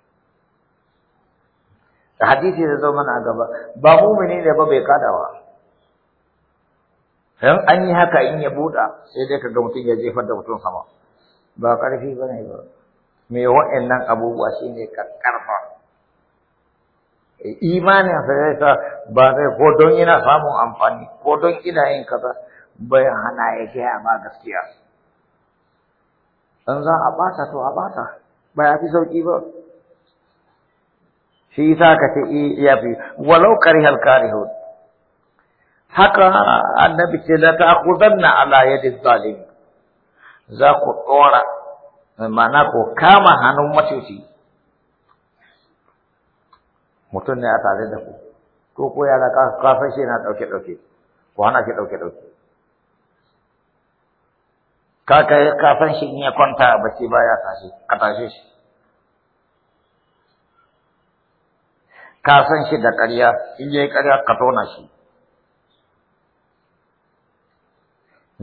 da hadisi da zo mana a gaba ba mumini ne ba bai kadawa dan an yi haka in ya buɗa sai dai kaga mutun ya jefa da mutum sama ba ƙarfi ba ba me wa'annan abubuwa shine karfa e, imanin sa sai ba zai ko don yana samun amfani ko don ina yin kaza bai hana ya ce ma gaskiya dan za a bata to a bata ba ya fi sauki ba shi yasa ka ce ya fi walau karihal karihun haka annabi ce la ta'khudanna ala yadi zalim za ku dora ma'ana ko kama hannun matuci mutum ne a tare da ku ko ko yara kafin shi na dauke dauke ko hana shi dauke dauke ka kai kafin shi in ya kwanta bacci baya tashi ka tashe shi ka san shi da ƙarya in yayi ƙarya ka tona shi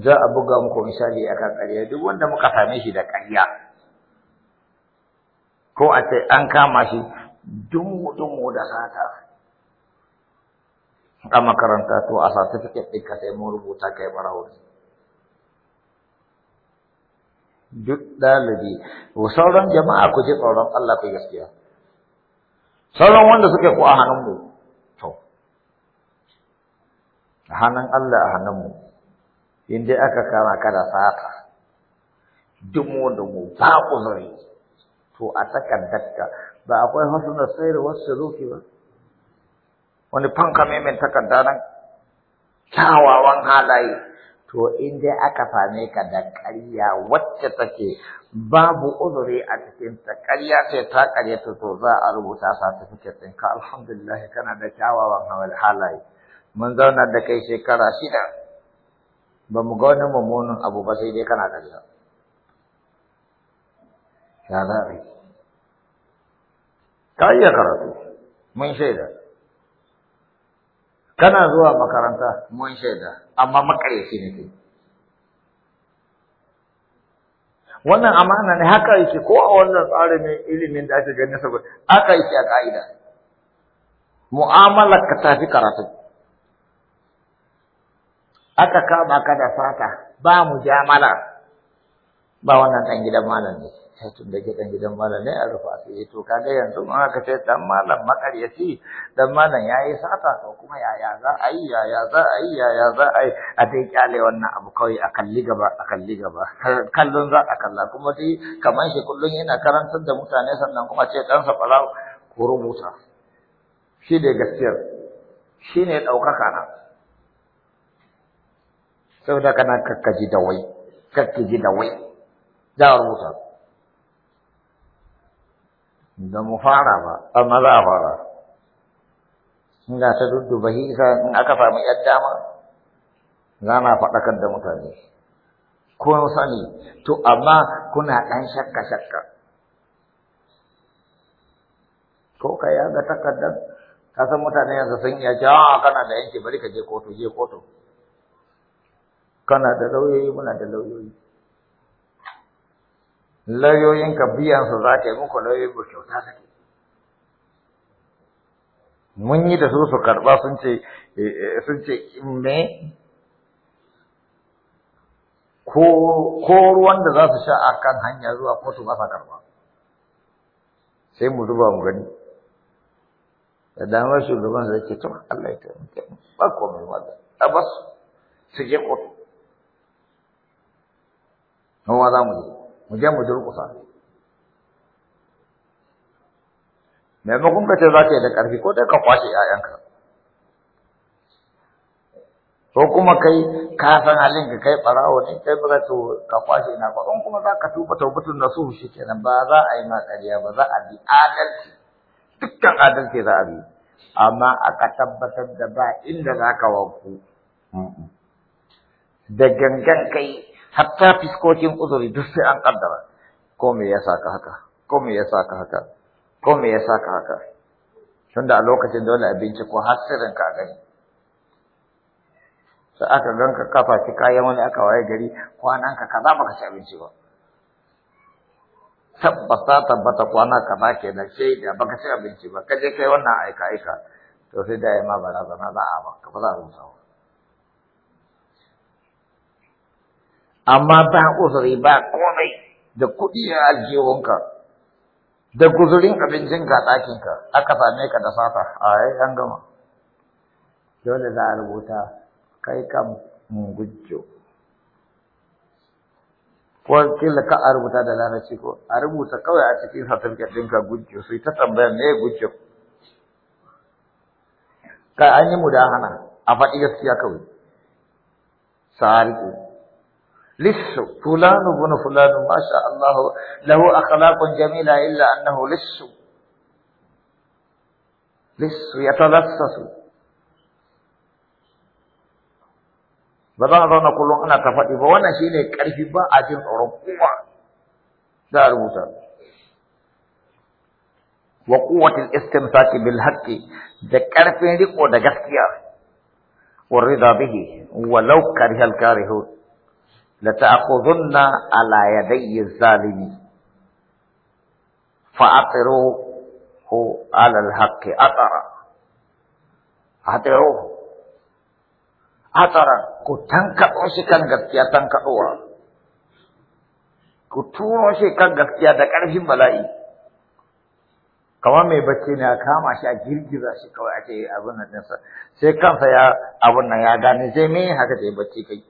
za a buga muku misali aka ƙarya duk wanda muka same shi da ƙarya ko a ce an kama shi dumu-dumu da sata a makaranta to a satifiket ɗin ka sai mun rubuta kai barawuri duk ɗalibi sauran jama'a ku ji tsoron Allah ku gaskiya sauran wanda suke ko a hannunmu to a hannun Allah a hannunmu mu. aka kama ka da sata da mu ba uzuri to a takaddaka ba akwai hasunar sayar wasu rufi ba wani fanka mai takarda nan kyawawan halaye to in dai aka same ka da ƙarya wacce take babu uzuri a cikin ta ƙarya sai ta ƙarya ta to za a rubuta certificate ka alhamdulillah kana da kyawawan halaye mun zauna da kai shekara shida ba mu ga wani mummunan abu ba sai dai kana ƙarya ya zaɓi. a yi iya karatu mun shaida kana zuwa makaranta mun shaida amma makaryaci ne kai wannan amana ne haka yake ko a wannan tsarin ilimin da ake ganin saboda aka yake a ka'ida mu'amalar ka tafi karatu aka kama ka da fata ba mujamala ba wannan dan gidan malam ne tun da gidan gidan malam ne a rufa asiri to kaga yanzu ma aka ce dan malam makaryaci dan malam yayi sata to kuma yaya za a yi yaya za a yi yaya za a yi a dai kyale wannan abu kawai a kalli gaba a kalli gaba kallon za a kalla kuma dai kamar shi kullun yana karantar da mutane sannan kuma ce dan sa fara ku rubuta shi da gaskiyar shi ne ɗaukaka na saboda kana kakkaji da wai kakkaji da wai za a rubuta da mu fara ba amma za a fara in ga ta dudduba hisa in aka samu yar dama za na faɗakar da mutane kun sani to amma kuna ɗan shakka shakka ko ka yaga takardar ka san mutane yanzu sun iya ce a ah, kana da yanki bari ka je kotu je kotu kana da lauyoyi muna da lauyoyi lauyoyin ka biyan su za ta yi muku lauyoyin ba kyauta ke? mun yi da su su karɓa sun ce eh, eh, sun ce me ko ko ruwan da za su sha a kan hanya zuwa kotu ba sa karɓa, sai mu duba mu gani da damar shugaban zai ce to Allah ya taimake mu ba komai wanda a basu su je kotu Nawa za mu je mu je mu durƙusa maimakon ka ce za ka yi da ƙarfi ko dai ka kwashe 'ya'yanka ko kuma kai ka san halin ka kai barawo ne kai ba to ka kwashe na ba kuma za ka tuba taubatun shi kenan ba za a yi makariya ba za a bi adalci dukkan adalci za a bi amma ka tabbatar da ba inda za ka wanku da gangan kai hatta fiskokin uzuri duk sai an kaddara ko me yasa ka haka ko me yasa ka haka ko me yasa ka haka tunda a lokacin dole abinci ko hasirin ka gani sai aka ganka kafa ki kayan wani aka waye gari kwanan ka kaza baka ci abinci ba tabbata tabbata kwana kaza sai da baka ci abinci ba kaje kai wannan aika aika to sai da ya ma barazana za a ba ka ba za a rusa amma ta uzuri ba komai da kuɗi a aljihunka da guzurin abincin ka ɗakinka aka same ka da sata a an gama dole za a rubuta kai kam gujjo ko kila ka a rubuta da larabci ko a rubuta kawai a cikin certificate ɗinka gujjo sai ta tambayar me gujjo ka an yi mudahana a faɗi gaskiya kawai sa'arki لس فلان بن فلان ما شاء الله له أخلاق جميلة إلا أنه لس لص يتلصص بدأنا نقول أنا تفتي بوانا شيني كارفي با أجل ربما دار موسى وقوة الاستمساك بالحق ذا لك ودى جسكيا والرضا به ولو كره الكارهون la ta'khudunna ala yadayyi zalimi fa atiruhu ala al-haqqi atara atiruhu atara ku tankaɗo shi kan gaskiya tankaɗowa ku turo shi kan gaskiya da ƙarfin bala'i kamar mai bacci ne a kama shi a girgiza shi kawai a ce abin nan ɗinsa sai kansa ya abin nan ya gane sai me haka da ya bacci kai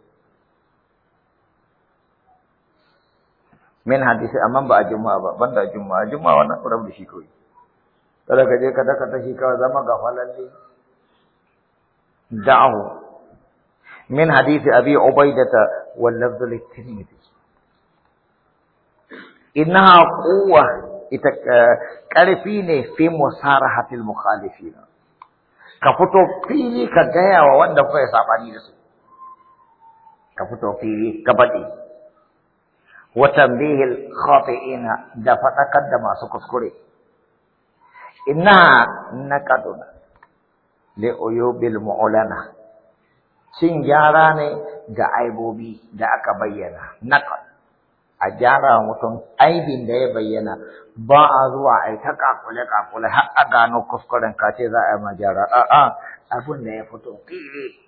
min hadisi amma ba a juma'a ba banda juma'a juma'a wannan kuram da shi kawai kada ka je ka daka ta shi kawai zama ga falalle da'u min hadisi abi ubaidata wal lafdh li tirmidhi innaha quwwa ita karfi eh, ne fi musarahatil mukhalifin ka fito fili ka gaya wa wanda kuka yi sabani da su ka fito fili ka baɗi وتنبيه masu kuskure. Ina na إنها نكدنا uyubil mu'lana cin gyara ne ga aibobi da aka bayyana naƙal a gyara mutum aibin da ya bayyana ba a zuwa a ta kakule kakule har a gano kuskuren ka ce za a yi ma gyara a'a abin da ya fito fili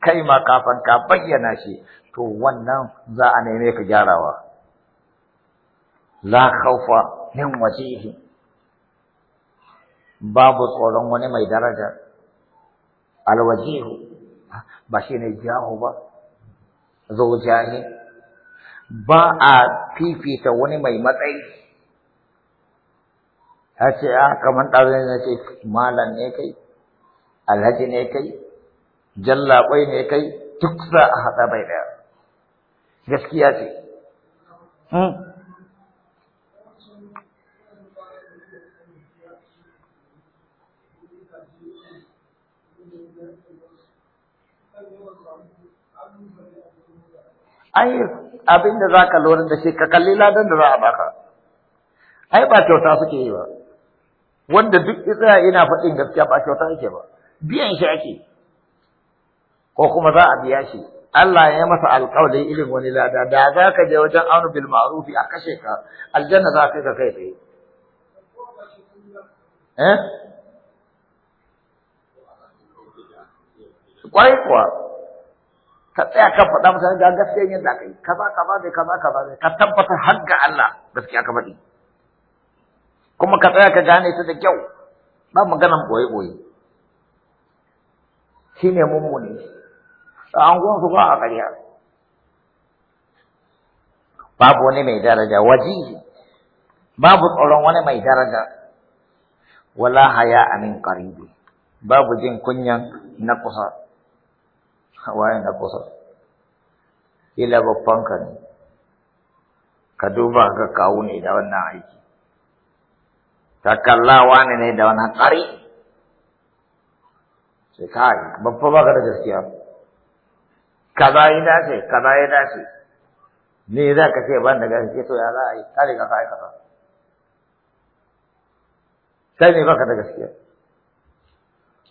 kai ma kafin ka bayyana shi to wannan za a neme ka gyarawa la khawfa min wajihi babu tsoron wani mai daraja alwajihu ba shi ne jahu ba zo jahi ba a fifita wani mai matsayi ya ce a ah, kamar ɗarin na ce malam ne kai alhaji ne kai jallaɓai ne kai duk za a haɗa bai ɗaya gaskiya ce hmm? ai abin da zaka lura da shi ka kalli ladan da za a baka ai ba kyauta suke yi ba wanda duk isa ina faɗin gaskiya ba kyauta yake ba biyan shi ake ko kuma za a biya shi Allah ya masa alƙawari irin wani lada da zaka ka je wajen aunu bil ma'rufi a kashe ka aljanna za ka kai tsaye eh kwai kuwa ka tsaya ka faɗa masa ga gaskiyar yadda aka yi kaza kaza ne kaza kaza ne ka tabbatar har ga Allah gaskiya ka faɗi kuma ka tsaya ka gane ta da kyau ba maganan boye boye ne mummuni a anguwan su ba a ƙarya babu wani mai daraja wajihi babu tsoron wani mai daraja wala haya amin ƙaribi babu jin kunyan na kusa waye na kusa kila ka ne ka duba ka kawo ne da wannan aiki ta kalla wani ne da wannan tsari sai kai babba ka da gaskiya kaza yi dace kaza yi dace ne za ka ce ban da gaske to ya za a yi tsari ka kai kasa Sai ne ba ka da gaskiya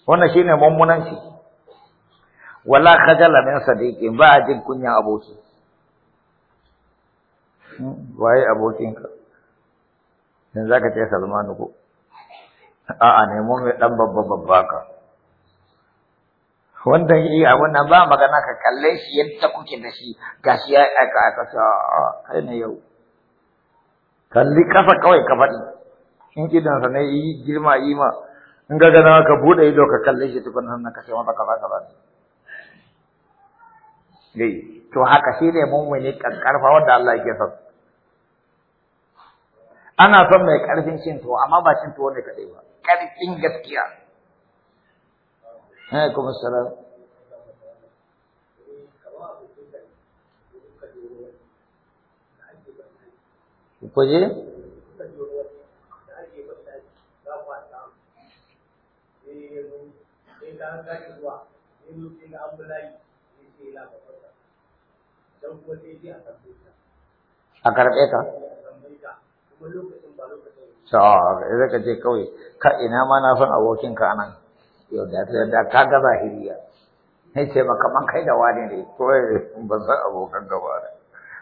wannan shine shi. wala khajala min sadiqin ba jin kunya aboki waye abokinka dan zaka ce Salmanu ko a'a ne mai dan babba babba ka wanda yi a wannan ba magana ka kalle shi yadda kuke da shi gashi ya aka aka sa kai ne yau kalli kafa kawai ka faɗi in idan sa ne yi girma yi ma in ga gana ka bude ido ka kalle shi tukun nan ka ce mata kaza kaza ba to haka shi ne mummuni ƙarfa wanda Allah yake son ana son mai karfin cin tuwo amma ba cin tuwo ne kaɗai ba ƙarfin gaskiya kuma salam kuje a karɓe ka sai ka je kawai ka ina ma na son abokin ka nan yau da ta yadda ka gaza hiriya, sai ce ba kamar kai da wani ne ko eh, ban san abokan ka ba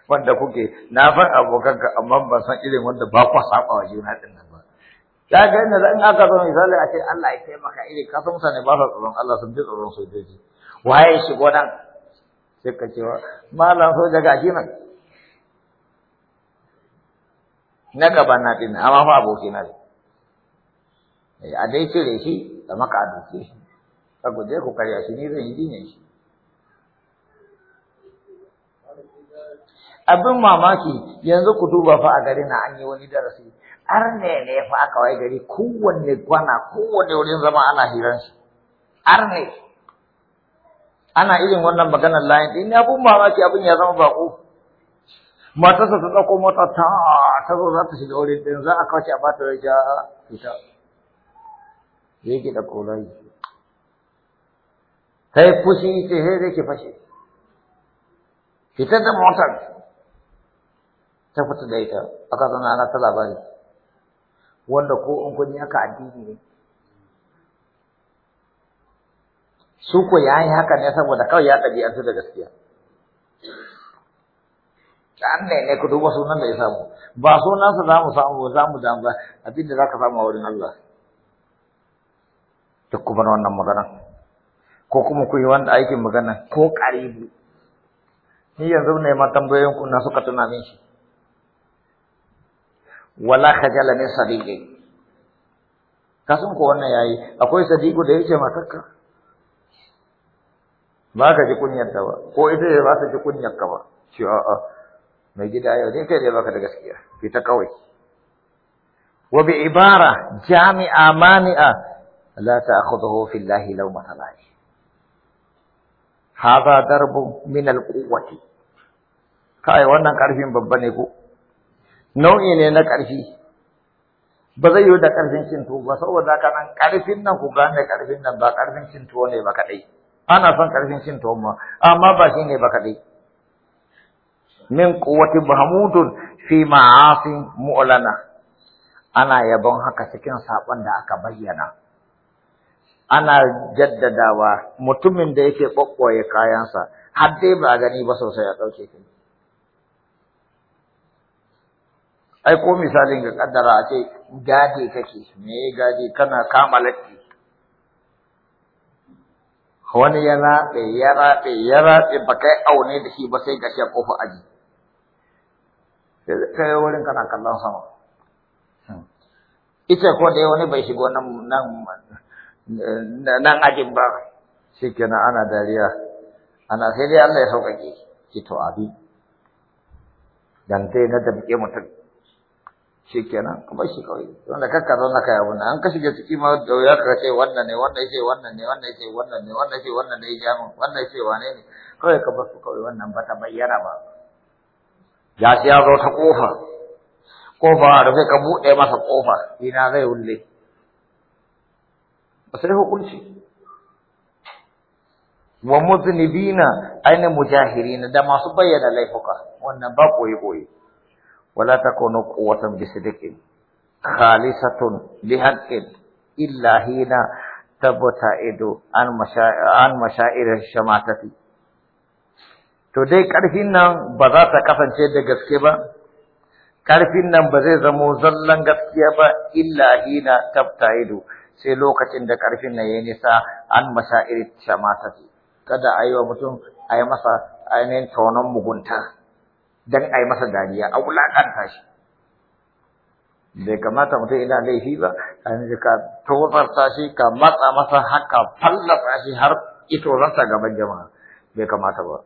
wanda kuke na san abokan ka amma ban san irin wanda ba ku saba wa juna ɗin nan ba ya ga yadda in aka zo misali a ce Allah ya taimaka iri ka san mutane ba sa tsoron Allah sun ji tsoron sojoji waye shigo nan sai ka cewa malam soja daga shi nan na gaba na ɗin amma fa aboki na ne eh, a dai cire shi da maka a duke shi ka guje ku karya shi ni zan yi dinin shi abin mamaki yanzu ku duba fa a gari na an yi wani darasi arne ne fa aka wai gari kowanne kwana kowanne wurin zama ana hiran shi arne ana irin wannan maganar layin din ya bun mamaki abin ya zama bako matarsa ta dauko mota ta ta zo za ta shiga wurin din za a kawace a fata da ja fita yake da ta yi fushi ta yi zai ki fashe fitar da motar ta fita da ita aka zana ana ta labari wanda ko in kun addini ne su ko ya yi haka ne saboda kawai ya an da gaskiya an ne ne ku duba sunan da ya samu ba sunansa za mu samu ba za mu damu ba abin da za ka samu a wurin Allah duk bana wannan magana ko kuma ku yi wanda aikin magana ko karibu ni yanzu ne ma tambayoyin ku na suka tuna min shi wala khajala ne sadiqi kasan ko wannan yayi akwai sadiqu da yake matakka ba ka ji kunyar ta ba ko ita ce ba ta ji kunyar ka ba ce a'a mai gida yau ne kai ne baka da gaskiya fita kawai wa bi ibara jami'a mani'a la fi llahi law lahi hadha darbu min alquwwati kai wannan karfin babba ne ko nau'i ne na karfi ba zai yi da karfin cin ba saboda haka nan karfin nan ku gane karfin nan ba karfin cin tuwo ne ba kadai ana son ƙarfin cin tuwon ma amma ba shi ne ba kaɗai min kuwati mahmudun fi ma'asin mu'lana ana yabon haka cikin saƙon da aka bayyana ana jaddadawa mutumin da yake ƙwaƙƙwaye kayansa har dai ba gani ba sosai a ɗauke shi ai ko misalin ga kaddara a ce gadi kake me gadi kana kama latti wani ya raɓe ya raɓe ya raɓe ba kai aune da shi ba sai gashi a kofa aji sai kai wurin kana kallon sama hmm. ita ko dai wani bai shigo nan nan ajin ba shi kenan ana dariya ana sai dai Allah ya sauƙaƙe ki to abi dan dai na dabke mutum shi kenan a bar shi kawai wanda kakka zo naka yabu na an kashi ga ciki ma da ya ka ce wannan ne wannan yake wannan ne wannan yake wannan ne wannan yake wannan ne ya jamin wannan yake wane ne kawai ka bar su kawai wannan ba ta bayyana ba ya ce ya zo ta kofa kofa da rufe ka buɗe masa kofa ina zai wulle ba sai hukunci wa muznibina aina mujahirina da masu bayyana laifuka wannan ba koyi koyi ولا تكون قوة بصدق خالصة بحق إلا حين تبتعد عن مشاعر الشماتة to dai ƙarfin nan ba za ta kasance da gaske ba ƙarfin nan ba zai zamo zallan gaskiya ba illa hina tabta ido sai lokacin da ƙarfin nan ya nisa an masa kada a yi wa mutum a yi masa ainihin taunon mugunta dan ai masa dariya a wulakanta shi bai kamata mutum ina laifi ba an ka tozarta shi ka matsa masa haka fallasa shi har ito rasa gaban jama'a bai kamata ba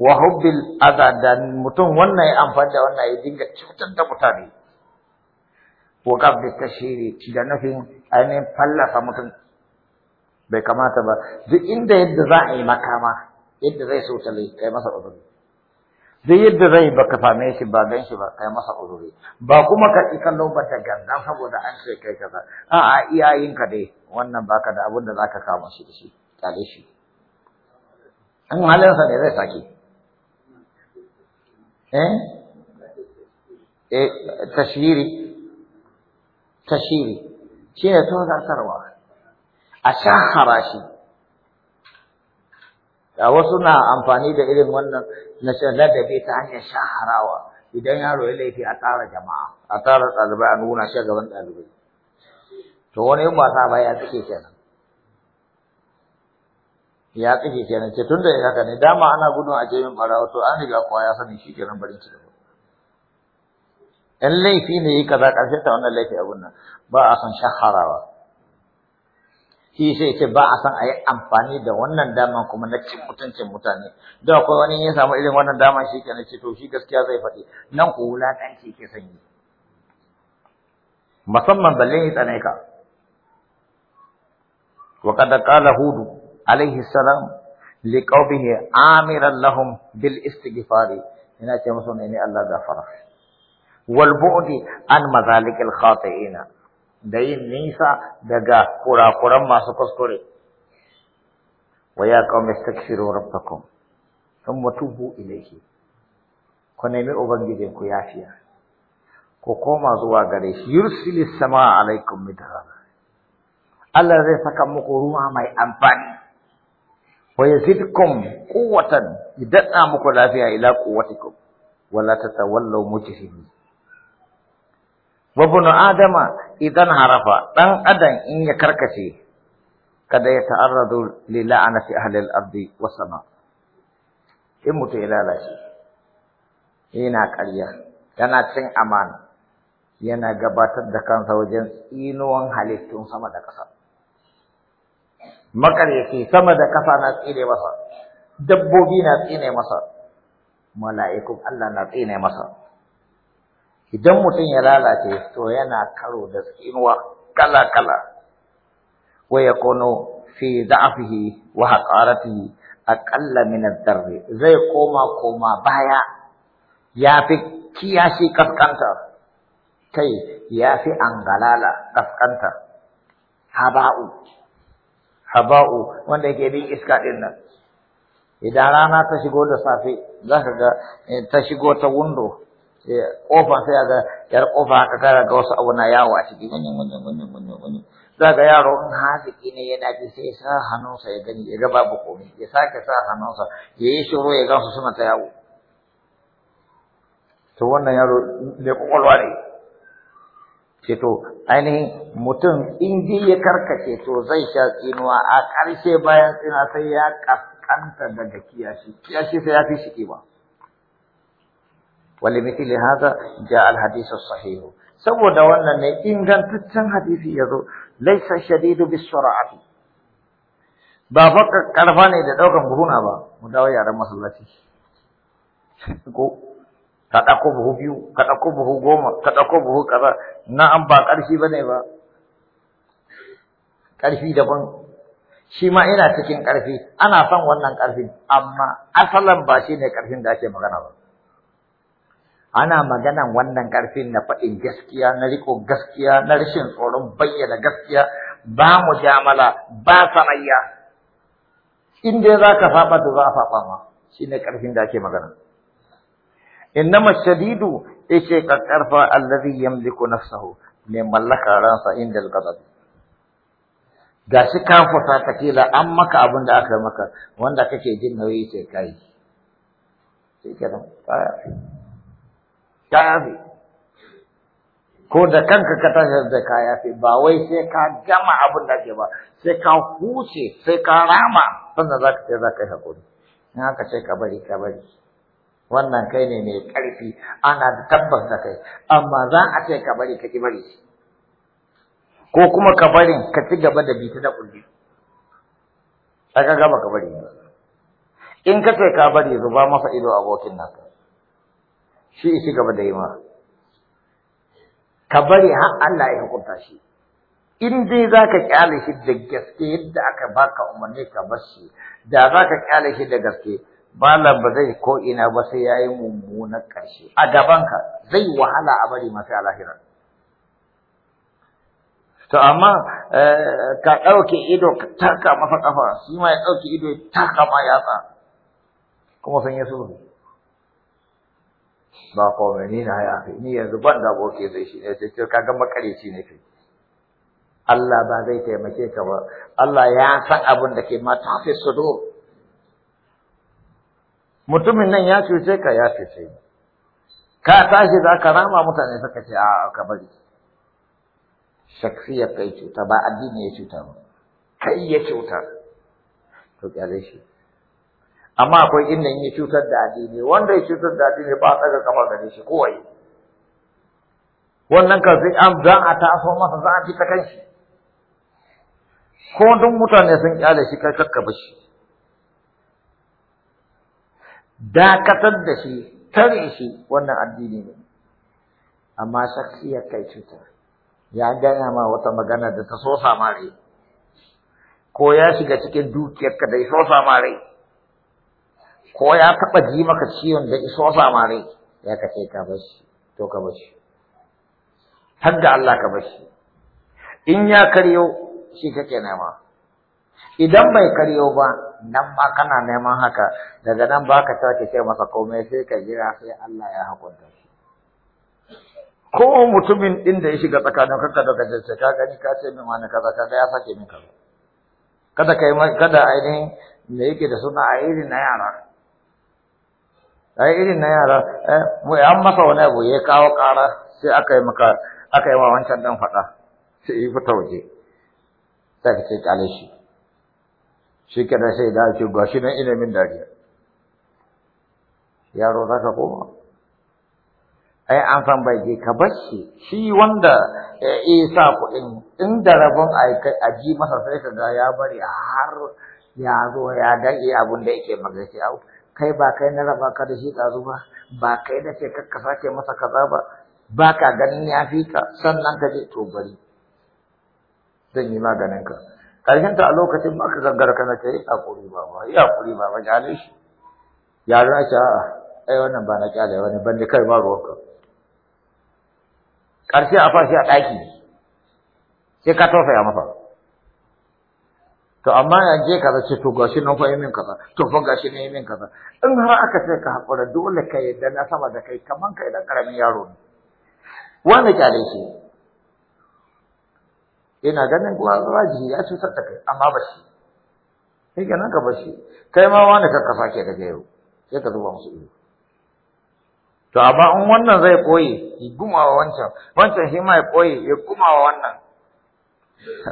wa hubbil adha da mutum wannan ya amfani da wannan ya dinga cutar da mutane wa qabdi tashiri da nufin ainihin fallasa mutum bai kamata ba duk inda yadda za a yi makama yadda zai so ta kai masa uzuri duk yadda zai baka same shi ba gan shi ba kai masa uzuri ba kuma ka ki kallo ba da ganda saboda an ce kai kaza a a iyayen ka dai wannan baka da abin da zaka kama shi da shi kyale shi An halin sa ne zai sake eh eh tashiri tashiri shine tozartarwa a shahara shi da wasu na amfani da irin wannan na ladabi ta hanyar shaharawa idan yaro ya laifi a tsara jama'a a tsara ɗalibai a nuna shi gaban ɗalibai to wani yin wasa ba ya tsike kenan ya tsike kenan ce tun da ya haka ne dama ana gudun a ce min wato to an riga kowa ya sani shi kenan barin ci gaba Ɗan laifi ne yi kaza ƙarshen ta wannan laifi abun nan ba a son shaharawa shi sai ce ba a san a yi amfani da wannan dama kuma na cin mutuncin mutane da akwai wani ya samu irin wannan dama shi ke na ce to shi gaskiya zai faɗi nan ko wulaƙanci ke sanyi musamman balle ya tsane ka wa qad qala hudu alaihi salam li amiran lahum bil istigifari ina ce musu ne Allah gafara wal bu'di an mazalikil khati'ina da yin nisa daga kurakuran masu kuskure wa ya qaumi astaghfiru rabbakum thumma tubu ilaihi, ku nemi ubangijin ku yafiya ku koma zuwa gare shi yursilis samaa alaikum midrara Allah zai saka muku ruwa mai amfani wa yazidkum kowatan, idan muku lafiya ila quwwatikum wala ta tatawallaw mujrimin Wabunu Adama idan harafa ɗan adam in ya karkace kada ya ta'arradu li la'anati ahli al-ardi wa sama in mutu ya lalace yana ƙarya yana cin amana yana gabatar da kansa wajen tsinuwan halittun sama da ƙasa makaryaci sama da ƙasa na tsine masa dabbobi na tsine masa mala'ikun Allah na tsine masa idan mutum ya lalace to yana karo da tsinuwa kala-kala wa ya kono fi za'afihi wa haqaratihi aƙalla min ad-darr zai koma koma baya ya fi kiyashi kaskanta kai ya fi angalala kaskanta haba'u haba'u wanda yake bin iska din nan idan rana ta shigo da safe za ka ga eh, ta shigo ta wundo kofa sai ga yar kofa ka kara ga wasu abu na yawo a ciki wani wani wani wani wani za ga yaro in haziki ne yana ji sai sa hannunsa ya gani ya ga babu komai ya sake sa hannunsa ya yi shiru ya gansu suna ta yawo to wannan yaro ne kwakwalwa ne ce to ainihin mutum in ji ya karkace to zai sha tsinuwa a ƙarshe bayan tsina sai ya ƙasƙanta daga kiyashi kiyashi sai ya fi shi ba. ولمثل هذا ja الحديث الصحيح saboda wannan ne ingantaccen hadisi yazo laysa shadidu bisur'ati ba baka karfa ne da daukan buhuna ba mu dawo yaran masallaci ko ka dauko buhu biyu ka buhu goma ka dauko buhu kaza na an ba karfi bane ba karfi daban shi ma yana cikin karfi ana son wannan karfin amma asalan ba ne karfin da ake magana ba ana maganan wannan ƙarfin na faɗin gaskiya na riko gaskiya na rashin tsoron bayyana gaskiya ba mu jamala ba sanayya in dai za ka faɓa to za a faɓa ma shi ne ƙarfin da ake magana innama shadidu ishe ka ƙarfa allazi yamliku nafsahu ne mallaka ransa inda al ga shi ka ta kila an maka abin da aka maka wanda kake jin nauyi sai kai sai ta yafe ko da kanka ka tashar da ka yafe ba wai sai ka gama abin da ke ba sai ka huce sai ka rama sannan za ka ce za ka yi hakuri in haka ce ka bari ka bari wannan kai ne mai ƙarfi ana da tabbas da kai amma za a ce ka bari ka ki bari ko kuma ka bari ka ci gaba da bita da kulli sai ka gaba ka bari in ka ce ka bari zuba masa ido abokin naka shi shi gaba da yi ma ka bari har Allah ya hukunta shi in dai zaka kyale shi da gaske yadda aka baka umarni ka bar shi da zaka kyale shi da gaske ba la ba zai ko ina ba sai yayi yi karshe a gaban ka zai wahala a bari masa alahira to amma eh, ka ɗauke ido ka taka masa kafa, shi ma ya ɗauke ido ya taka ma yatsa kuma sun yi ba komai ni na yafi ni yanzu ban da boke zai shi ne sai ka ga makareci ne kai Allah ba zai taimake ka ba Allah ya san abin da ke mata fi sudur mutumin nan ya cuce ka ya cuce ka tashi za ka rama mutane suka ce a ka bari shaksiyar kai cuta ba addini ya cuta ba kai ya cuta to kyale shi amma akwai inda in cutar da addini wanda ya cutar da addini ba a tsaga kamar gare shi kowai wannan ka sai an za a taso masa za a fi ta kan shi ko duk mutane sun kyale shi kai kakkafa shi dakatar da shi tare shi wannan addini ne amma shakhsiyar kai cutar. ya gaya ma wata magana da ta so samare ko ya shiga cikin dukiyarka da ya so samare ko ya taɓa ji maka ciwon da iso samari. ya ka ce ka bashi to ka bashi har da Allah ka bashi in ya karyo shi kake nema idan bai karyo ba nan ma kana neman haka daga nan ba ka sake ce masa komai sai ka jira sai Allah ya hakunta shi ko mutumin din da ya shiga tsakanin kanka da kace ka gani ka ce min wani kaza kaza ya sake min kaza kada kai kada ainihin me yake da suna a irin na yara ai irin na yara eh, an masa wani abu ya kawo ƙara sai aka yi maka aka yi wa wancan dan faɗa sai yi fita waje sai ka ce kyale shi shi kenan sai da ake ba, shi nan ilimin dariya yaro za ka koma ai an san bai je ka bar shi shi wanda eh, ya sa kuɗin in da rabon a ji masa sai ka ga ya bari har ya zo ya dage abin da yake magana sai kai ba kai na raba ka da shi ɗazu ba ba kai na ke ka sake masa kaza ba ba ka ganin ya fi ka sannan ka je to bari zan yi maganin ka ƙarshen ta a lokacin ba ka gangara kana ta yi hakuri ba ba yi hakuri ba ba jale shi yaro na ce a'a ai wannan ba na kyale wani ban da kai ba ka ƙarshe a fashi a ɗaki sai ka ya mafa. to amma ya je ka ce to gashi nan fa min kaza to fa gashi yi min kaza in har aka ce ka hakura dole ka yadda na sama da kai kaman kai da karamin yaro ne wani kyale shi ina ganin kuwa raji ya cutar da kai amma ba shi sai ka nan ka bar shi kai ma wani ka kafa ke daga yau sai ka zuba musu ido to amma in wannan zai koyi ya gumawa wancan wancan shi ma ya koyi ya gumawa wannan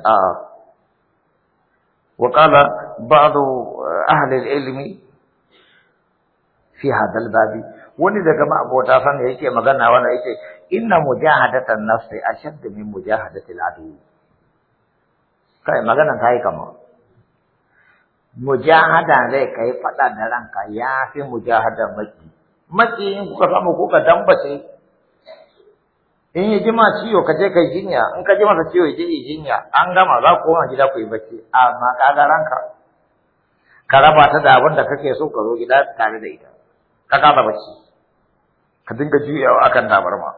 a'a وقال بعض أهل العلم في هذا الباب wani daga ma'abota san da yake magana wanda yake inna mujahadatan nafsi ashadd min mujahadati al-adu kai magana ta yi kama mujahada zai kai fada da ranka ya fi mujahada maki maki in kuka samu kuka dambace in ya jima ciwo ka je kai jinya in ka jima masa ciwo je yi jinya an gama za ku koma gida ku yi bacci amma ka ga ranka ka raba ta da abin da kake so ka zo gida tare da ita ka kasa bacci ka dinga juyawa akan tabarma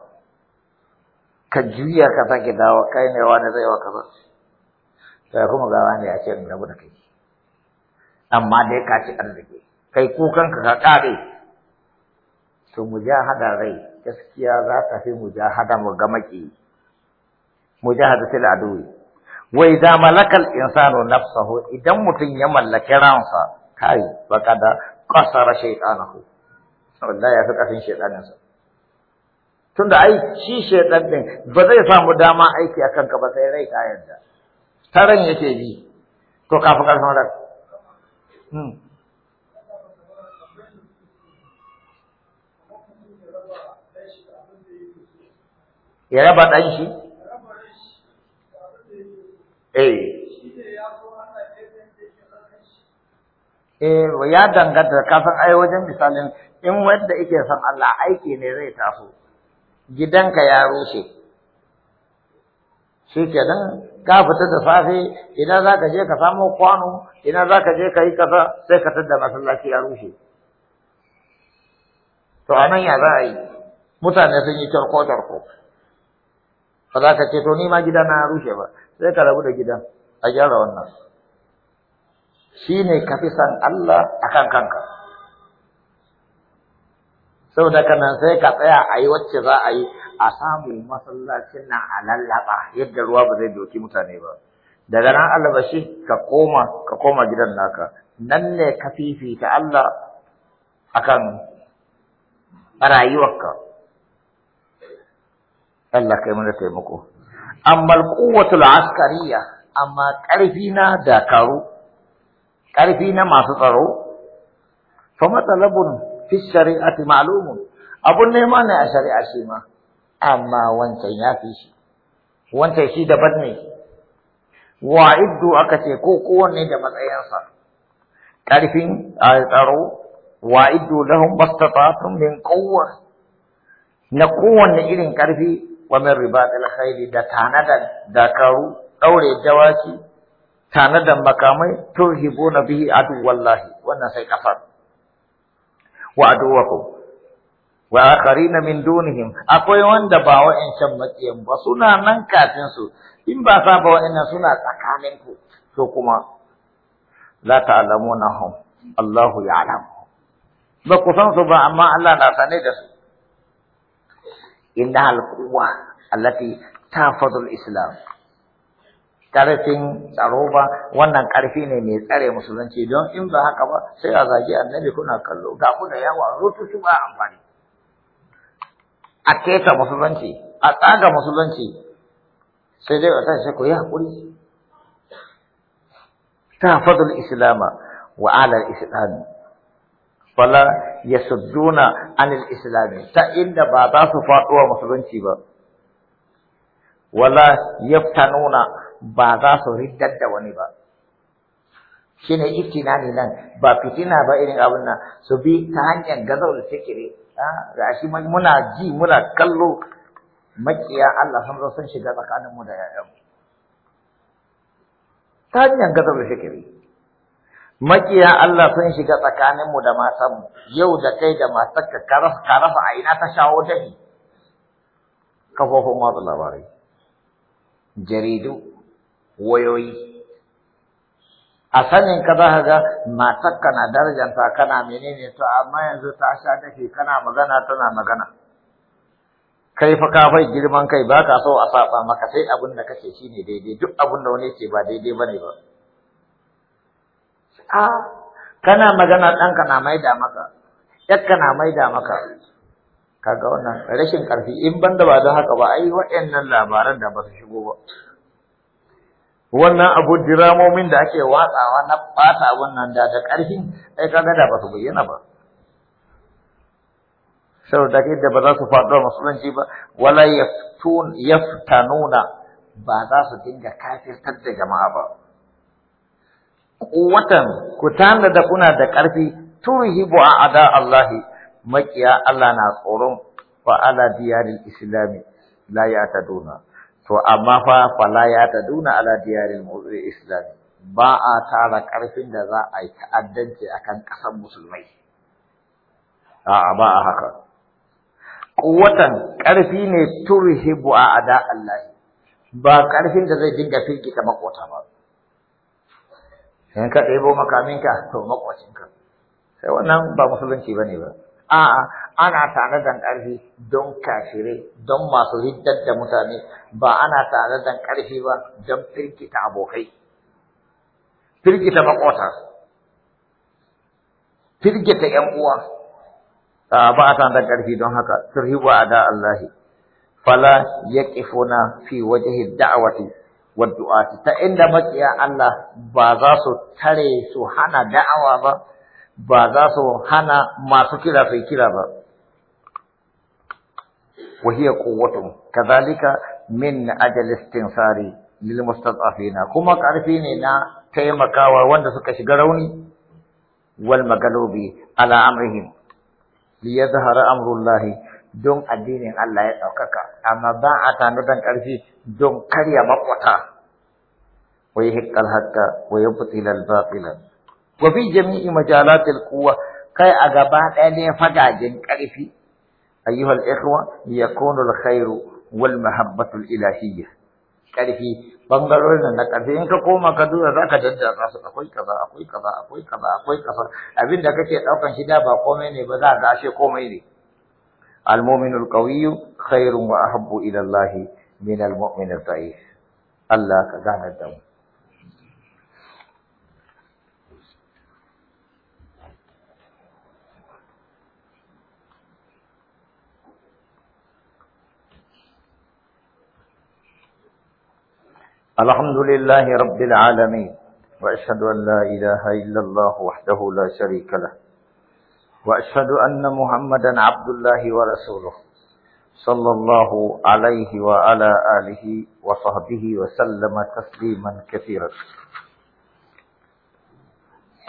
ka juya ka sake dawo kai ne wani zai wa kaza sai kuma ga wani ya ce in rabu da kai amma dai ka ci arziki kai kukanka ka kare to mu ja hada rai gaskiya za ta fi mujahada mu ga maki fil aduwi wa idza malakal insanu nafsahu idan mutum ya mallaki ransa kai baka da kasara shaytanahu wallahi ya fi kafin shaytaninsa tunda ai shi shaytan din ba zai samu dama aiki akan ka ba sai rai ta yarda taran yake bi to kafin karfin ran hmm. ya raba ɗan shi eh. eh ya danganta ka san ai wajen misalin in wanda ike san Allah aiki ne zai taso gidanka ya rushe shi kenan ka fita da safe idan za ka je ka samu kwano idan za ka je ka yi kasa sai ka tadda masallaci ya rushe to anan ya za a yi mutane sun yi tarko-tarko ba za ka ce to ni ma gida na rushe ba sai ka rabu da gidan a gyara wannan ne ka fi san Allah akan kanka saboda nan sai ka tsaya a yi wacce za a yi a samu masallacin na a lallaba yadda ruwa ba zai doki mutane ba daga nan shi ka koma ka koma gidan naka nan ne ka fifita Allah akan rayuwarka Allah kai mana taimako amma alquwwatul askariya amma ƙarfi na dakaru ƙarfi na masu tsaro fa matalabun fi shari'ati ma'lumun abun nema ne a shari'a shi ma amma wancan ya fi shi wancan shi daban ne wa iddu aka ce ko kowanne da matsayinsa ƙarfin a tsaro wa iddu lahum bastata'tum min quwwa na kowanne irin ƙarfi wa min ribatil khayli da tanadan dakaru daure dawaki tanada makamai turhibuna bihi wallahi, wannan sai kafar wa aduwakum wa akharina min dunihim akwai wanda ba wa'ancan makiyan ba suna nan kafin su in ba sa ba wa'annan suna tsakanin ku to kuma la ta'lamunahum Allahu ya'lam ba ku san su ba amma Allah na sane da su إنها القوة التي تحفظ الإسلام karfin tsaro ba wannan karfi ne mai tsare musulunci don in ba haka ba sai a zagi annabi kuna kallo ga ku yawa yawa rututu ba amfani a keta musulunci a tsaga musulunci sai dai wata sai ku yi hakuri ta fadul islama wa alal islami fala yasudduna anil islam ta inda ba za su faduwa musulunci ba wala yaftanuna ba za su riddar da wani ba shine ne nan ba fitina ba irin abin nan su bi ta hanyar gazawar fikiri ah, ga shi muna ji muna kallo makiya Allah sun zo sun shiga mu da 'ya'yanmu ta hanyar gazawar fikiri makiya Allah sun shiga tsakaninmu da matanmu yau da kai da matarka ka rasa a ina ta shawo dafi kafofin watsa labarai jaridu wayoyi a sanin ka za ka ga matarka na darajanta kana menene to amma yanzu ta sha dafi kana magana tana magana kai fa ka bai girman kai ba ka so a saɓa maka sai abin da kake ne daidai duk abin da wani ce ba daidai ba ne ba a kana magana ɗanka na maida maka yakka na maida maka kaga wannan rashin ƙarfi in banda ba don haka ba ai waɗannan labaran da ba su shigo ba wannan abu diramomin da ake watsawa na ɓata wannan da da ƙarfi ai kaga da ba su bayyana ba saboda da ba za su faɗo musulunci ba wala yaftanuna ba za su dinga kafirtar da jama'a ba Kuwatan ku tanda da kuna da ƙarfi bu a ada Allah makiya Allah na tsoron fa ala diyaril islami la duna to amma fa fa la ya duna ala diyaril islami ba a tara ƙarfin da za a yi ta'addanci akan ƙasar musulmai a'a ba a haka Kuwatan ƙarfi ne bu a ada Allah ba ƙarfin da zai dinga firgita makota ba in ka ɗebo makaminka to makwacinka sai wannan ba musulunci bane ba a'a ana da ƙarfi don kafire don masu hiddar da mutane ba ana da ƙarfi ba don firgita abokai firgita makwata firgita ƴan uwa ba a da ƙarfi don haka turhibu ada Allahi fala yaqifuna fi wajhi da'wati wadda ta inda maƙiya Allah ba su tare su hana da'awa ba, ba su hana masu kira su kira ba. Wahiyar ƙowatun, ka zalika min ajalistin sari lilmustan kuma ƙarfi ne na taimakawa wanda suka shiga rauni wal magalobi ala amrihim. ya zahara amurullahi don addinin Allah ya ɗaukaka, amma ba a tanudan ƙarfi don karya makwata. Wa yi hikkal hakka wa yi futilar batilan. Wa jami'i majalatil kuwa kai a gaba ɗaya ne fagajen ƙarfi. Ayyuhal ikhwa yakunu alkhairu wal mahabbatul ilahiyya. Ƙarfi bangarorin na ƙarfi in ka koma ka duba za ka daddasa su akwai kaza akwai kaza akwai kaza akwai kaza abinda kake ɗaukan shi da ba komai ne ba za a gashe komai ne. المؤمن القوي خير وأحب إلى الله من المؤمن الضعيف الله كذا الدم الحمد لله رب العالمين وأشهد أن لا إله إلا الله وحده لا شريك له وأشهد أن محمدا عبد الله ورسوله صلى الله عليه وعلى آله وصحبه وسلم تسليما كثيرا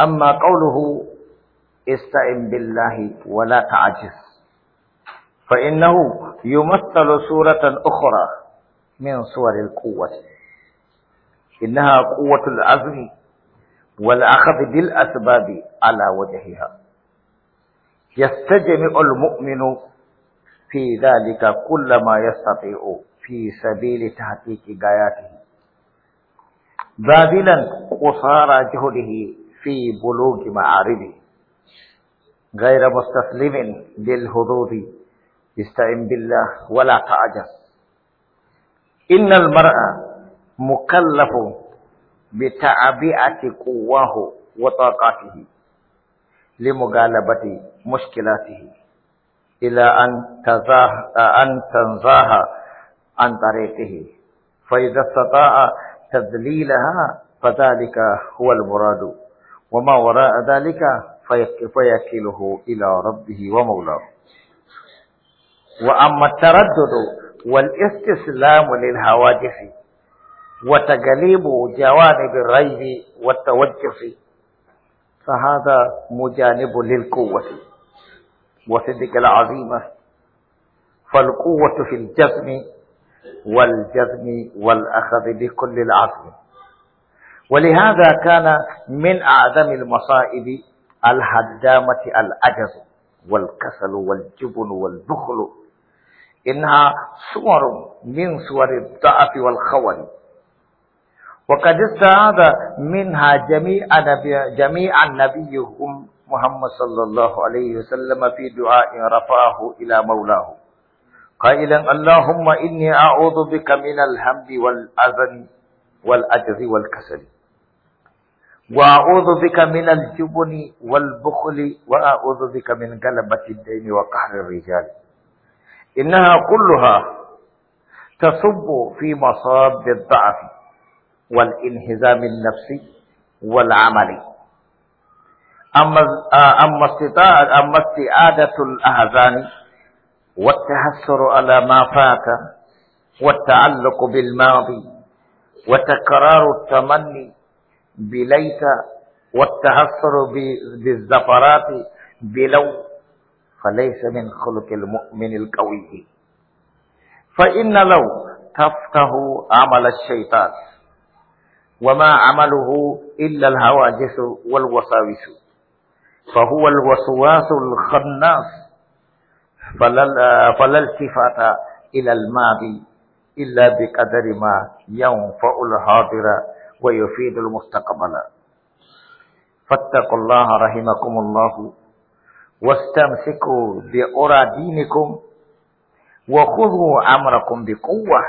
أما قوله استعن بالله ولا تعجز فإنه يمثل سورة أخرى من صور القوة إنها قوة العزم والأخذ بالأسباب على وجهها يستجمع المؤمن في ذلك كل ما يستطيع في سبيل تحقيق غاياته باذلا قصارى جهده في بلوغ معارضه غير مستسلم للهضوض استعن بالله ولا تعجز إن المرء مكلف بتعبئة قواه وطاقته لمغالبة مشكلاته إلى أن تزاه أن تنزاه عن طريقه فإذا استطاع تذليلها فذلك هو المراد وما وراء ذلك فيكله إلى ربه ومولاه وأما التردد والاستسلام للهواجس وتقليب جوانب الريب والتوجس فهذا مجانب للقوة وصدق العظيمة فالقوة في الجزم والجزم والأخذ بكل العزم ولهذا كان من أعظم المصائب الهدامة العجز والكسل والجبن والبخل إنها صور من صور الضعف والخور وقد استعاذ منها جميع جميعا نبيهم محمد صلى الله عليه وسلم في دعاء رفعه إلى مولاه قائلا اللهم إني أعوذ بك من الحمد والأذن والأجر والكسل وأعوذ بك من الجبن والبخل وأعوذ بك من غلبة الدين وقهر الرجال إنها كلها تصب في مصاب الضعف والانهزام النفسي والعملي أما أما استعادة الأحزان والتحسر على ما فات والتعلق بالماضي وتكرار التمني بليت والتحسر بالزفرات بلو فليس من خلق المؤمن القوي فإن لو تفقه عمل الشيطان وما عمله إلا الهواجس والوساوس فهو الوسواس الخناس فلا فلا التفات إلى الماضي إلا بقدر ما ينفع الحاضر ويفيد المستقبل فاتقوا الله رحمكم الله واستمسكوا بأرى دينكم وخذوا أمركم بقوة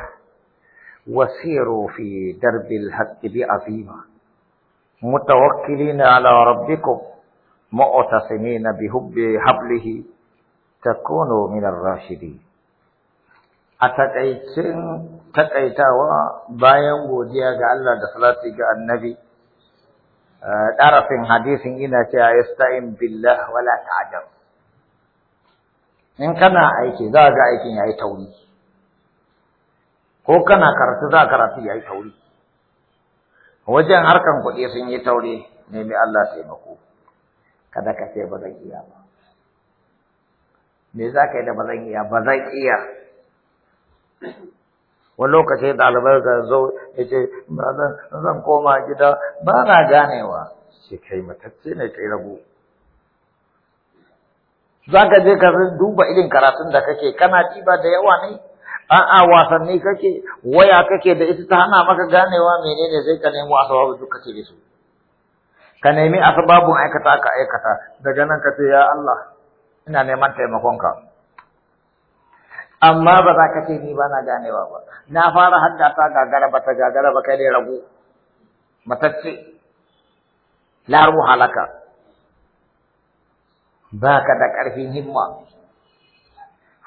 وسيروا في درب الحق بعظيمة متوكلين على ربكم معتصمين بحب حبله تكون من الراشدين أتكيتين تكيتاوا bayan godiya ga Allah da salati ga annabi darafin hadisin ina cewa yasta'in billah wala ta'jab in kana aiki za ga aikin yayi tauri ko kana karatu za karatu yayi tauri wajen harkan kuɗi sun yi tauri nemi Allah taimako kada ka ce ba zan iya ba me za ka yi da ba zan iya ba zan iya wani lokaci ɗalibai ka zo ya ce zan koma gida ba na ganewa ce kai matacce ne kai rabu za ka je ka duba irin karatun da kake kana ɗiba da yawa ne a'a wasanni kake waya kake da ita ta hana maka ganewa menene sai ka nemo asababu duk kake da su ka nemi asbabun aikata aka aikata daga nan ka ce ya Allah ina neman taimakonka amma ba za ka ce ni ba na ganewa ba na fara hadda ta gagara ba ta gagara ba kai ne ragu matacce la ruha laka ba ka da ƙarfin himma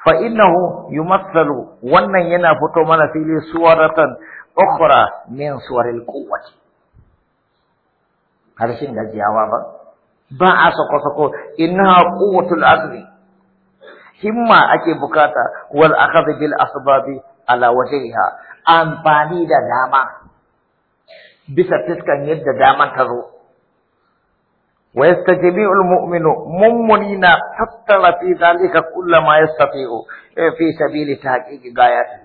fa innahu yumassalu wannan yana fito mana fili suwaratan ukhra min suwaril quwwati harshen gajiyawa ba ba a sako-sako inna quwwatul azmi himma ake bukata wal akhadh bil asbabi ala wajhiha amfani da dama bisa fiskan yadda daman ta zo wa yastajibu al mu'minu na tattara fi zalika kullama yastati'u eh, fi sabili tahqiqi gayati